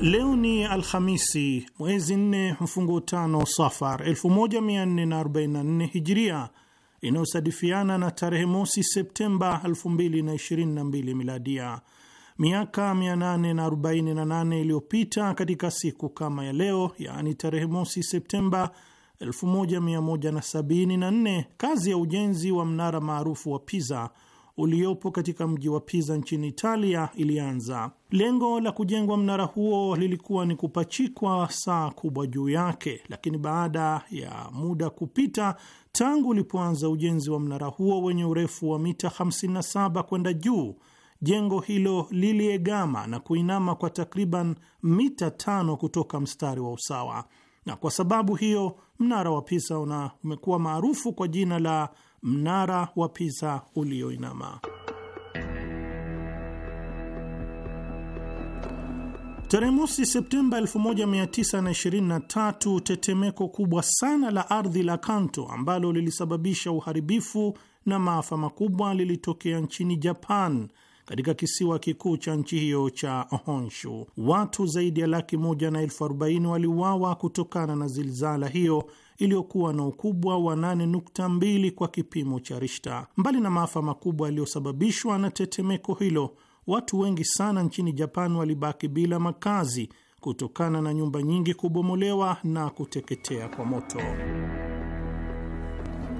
Leo ni Alhamisi, mwezi nne mfungo tano Safar 1444 Hijria, inayosadifiana na tarehe mosi Septemba 2022 Miladia. Miaka 848 iliyopita katika siku kama ya leo, yaani tarehe mosi Septemba 1174, kazi ya ujenzi wa mnara maarufu wa Pisa uliopo katika mji wa Pisa nchini Italia ilianza. Lengo la kujengwa mnara huo lilikuwa ni kupachikwa saa kubwa juu yake, lakini baada ya muda kupita tangu ulipoanza ujenzi wa mnara huo wenye urefu wa mita 57 kwenda juu, jengo hilo liliegama na kuinama kwa takriban mita tano kutoka mstari wa usawa, na kwa sababu hiyo mnara wa Pisa una umekuwa maarufu kwa jina la mnara wa Pisa ulioinama. Tarehe mosi Septemba 1923 tetemeko kubwa sana la ardhi la Kanto ambalo lilisababisha uharibifu na maafa makubwa lilitokea nchini Japan, katika kisiwa kikuu cha nchi hiyo cha Honshu. Watu zaidi ya laki moja na elfu arobaini waliuawa kutokana na zilzala hiyo iliyokuwa na ukubwa wa 8.2 kwa kipimo cha Rishta. Mbali na maafa makubwa yaliyosababishwa na tetemeko hilo, watu wengi sana nchini Japan walibaki bila makazi kutokana na nyumba nyingi kubomolewa na kuteketea kwa moto.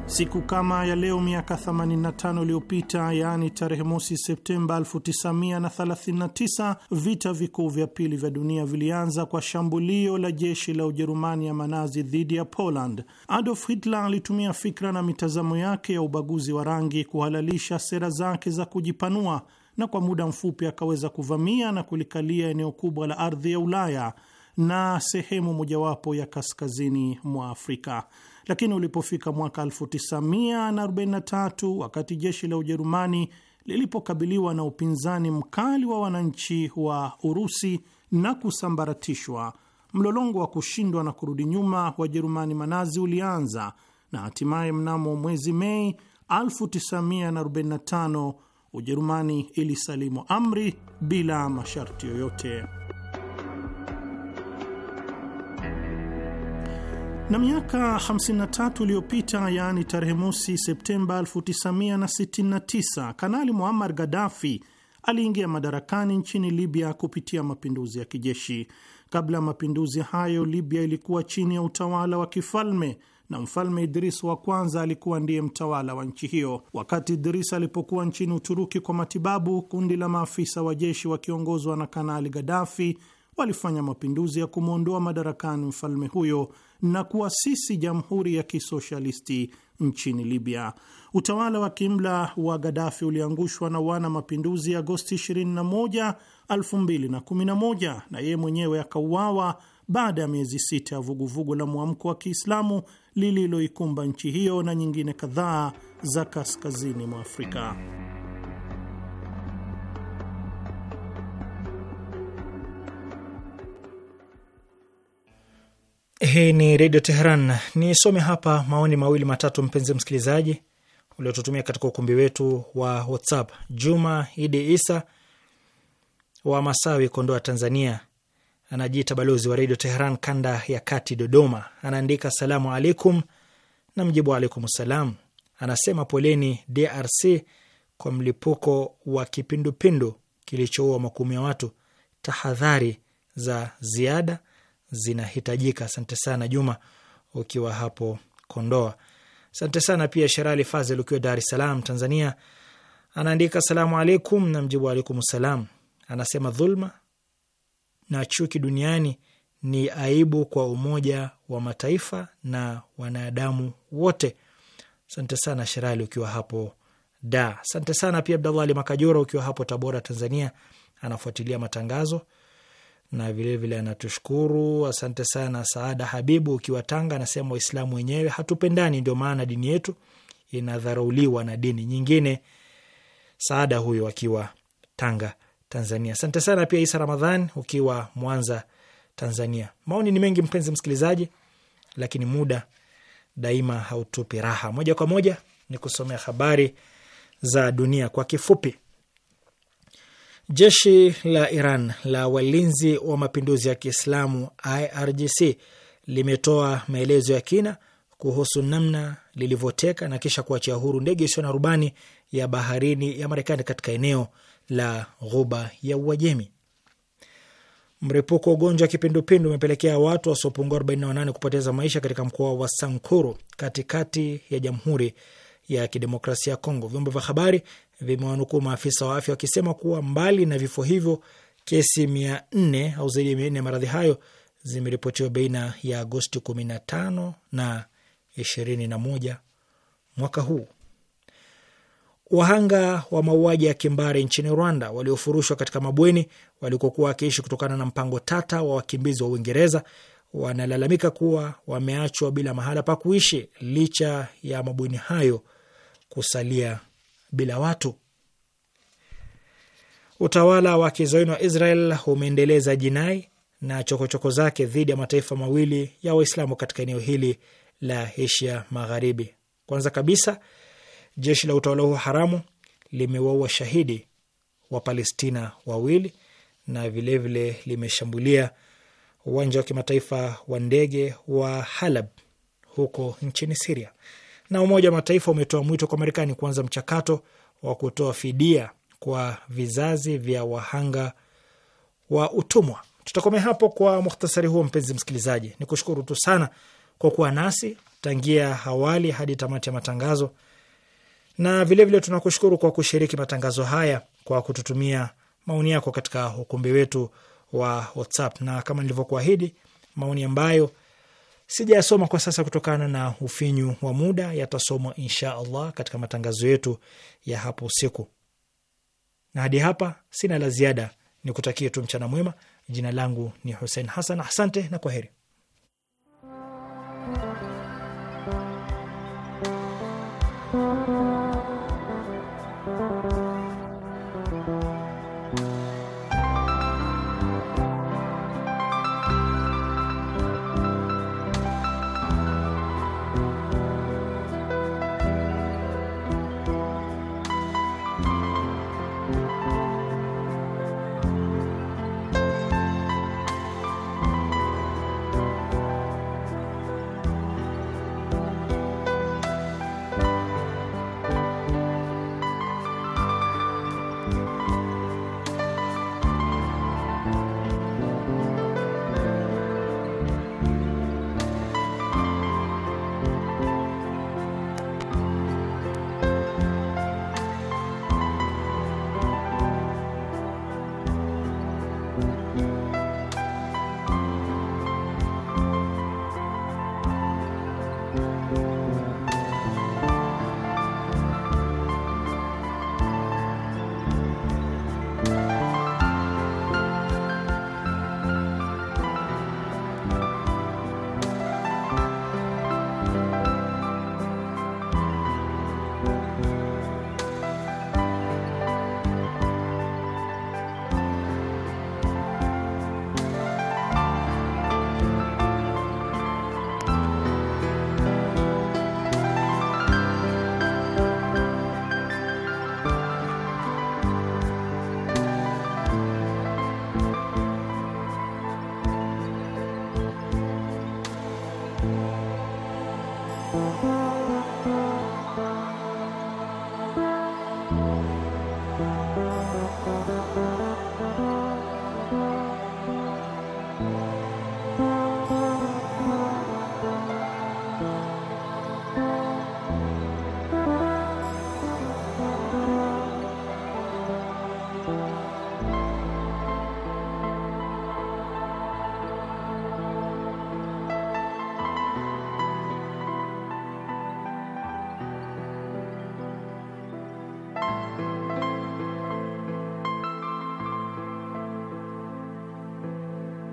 Siku kama ya leo miaka 85 iliyopita, yaani tarehe mosi Septemba 1939, vita vikuu vya pili vya dunia vilianza kwa shambulio la jeshi la Ujerumani ya manazi dhidi ya Poland. Adolf Hitler alitumia fikra na mitazamo yake ya ubaguzi wa rangi kuhalalisha sera zake za kujipanua, na kwa muda mfupi akaweza kuvamia na kulikalia eneo kubwa la ardhi ya Ulaya na sehemu mojawapo ya kaskazini mwa Afrika lakini ulipofika mwaka 1943 wakati jeshi la Ujerumani lilipokabiliwa na upinzani mkali wa wananchi wa Urusi na kusambaratishwa, mlolongo wa kushindwa na kurudi nyuma Wajerumani manazi ulianza na hatimaye mnamo mwezi Mei 1945 Ujerumani ilisalimu amri bila masharti yoyote. Na miaka 53 iliyopita, yaani tarehe mosi Septemba 1969, Kanali Muammar Gaddafi aliingia madarakani nchini Libya kupitia mapinduzi ya kijeshi. Kabla ya mapinduzi hayo, Libya ilikuwa chini ya utawala wa kifalme na mfalme Idris wa kwanza alikuwa ndiye mtawala wa nchi hiyo. Wakati Idris alipokuwa nchini Uturuki kwa matibabu, kundi la maafisa wa jeshi wakiongozwa na Kanali Gaddafi walifanya mapinduzi ya kumwondoa madarakani mfalme huyo na kuasisi jamhuri ya kisoshalisti nchini Libya. Utawala wa kimla wa Gadafi uliangushwa na wana mapinduzi Agosti 21, 2011 na yeye mwenyewe akauawa baada ya miezi sita ya vuguvugu la mwamko wa Kiislamu lililoikumba nchi hiyo na nyingine kadhaa za kaskazini mwa Afrika. Hii ni Redio Teheran. Nisome hapa maoni mawili matatu, mpenzi msikilizaji, uliotutumia katika ukumbi wetu wa WhatsApp. Juma Idi Isa wa Masawi, Kondoa, Tanzania, anajiita balozi wa Redio Teheran kanda ya kati, Dodoma. Anaandika salamu alaikum, na mjibu alaikum salam. Anasema poleni DRC kwa mlipuko wa kipindupindu kilichoua makumi ya watu, tahadhari za ziada zinahitajika. Asante sana Juma ukiwa hapo Kondoa. Asante sana pia Sherali Fazel ukiwa Dar es Salaam, Tanzania, anaandika salamu alaikum, na mjibu alaikum salam. Anasema dhulma na chuki duniani ni aibu kwa Umoja wa Mataifa na wanadamu wote. Asante sana Sherali ukiwa hapo Da. Asante sana pia Abdallah Ali Makajura ukiwa hapo Tabora, Tanzania, anafuatilia matangazo na vilevile anatushukuru. Asante sana Saada Habibu ukiwa Tanga, anasema Waislamu wenyewe hatupendani, ndio maana dini yetu inadharauliwa na dini nyingine. Saada huyo akiwa Tanga, Tanzania. Asante sana pia Isa Ramadhan ukiwa Mwanza, Tanzania. Maoni ni mengi mpenzi msikilizaji, lakini muda daima hautupi raha. Moja kwa moja ni kusomea habari za dunia kwa kifupi. Jeshi la Iran la walinzi wa mapinduzi ya Kiislamu IRGC limetoa maelezo ya kina kuhusu namna lilivyoteka na kisha kuachia huru ndege isiyo na rubani ya baharini ya Marekani katika eneo la Ghuba ya Uajemi. Mripuko wa ugonjwa wa kipindupindu umepelekea watu wasiopungua 48 kupoteza maisha katika mkoa wa Sankuru katikati ya Jamhuri ya Kidemokrasia ya Kongo. Vyombo vya habari vimewanukuu maafisa wa afya wakisema kuwa mbali na vifo hivyo, kesi mia nne au zaidi ya mia nne ya maradhi hayo zimeripotiwa baina ya Agosti kumi na moja mwaka huu. Wahanga wa mauaji ya kimbari nchini Rwanda waliofurushwa katika mabweni walikokuwa wakiishi kutokana na mpango tata wa wakimbizi wa Uingereza wanalalamika kuwa wameachwa bila mahala pa kuishi licha ya mabweni hayo kusalia bila watu. Utawala wa kizayuni wa Israel umeendeleza jinai na chokochoko choko zake dhidi ya mataifa mawili ya Waislamu katika eneo hili la Asia Magharibi. Kwanza kabisa, jeshi la utawala huo haramu limewaua shahidi wa Palestina wawili na vilevile limeshambulia uwanja wa kimataifa wa ndege wa Halab huko nchini Siria. Na Umoja wa Mataifa umetoa mwito kwa Marekani kuanza mchakato wa kutoa fidia kwa vizazi vya wahanga wa utumwa. Tutakomea hapo kwa muhtasari huo. Mpenzi msikilizaji, ni kushukuru tu sana kwa kuwa nasi tangia awali hadi tamati ya matangazo, na vilevile tunakushukuru kwa kushiriki matangazo haya kwa kututumia maoni yako katika ukumbi wetu wa WhatsApp, na kama nilivyokuahidi maoni ambayo Sijayasoma kwa sasa kutokana na ufinyu wa muda, yatasomwa insha Allah katika matangazo yetu ya hapo usiku. Na hadi hapa sina la ziada, ni kutakie tu mchana mwema. Jina langu ni Hussein Hassan, asante na kwa heri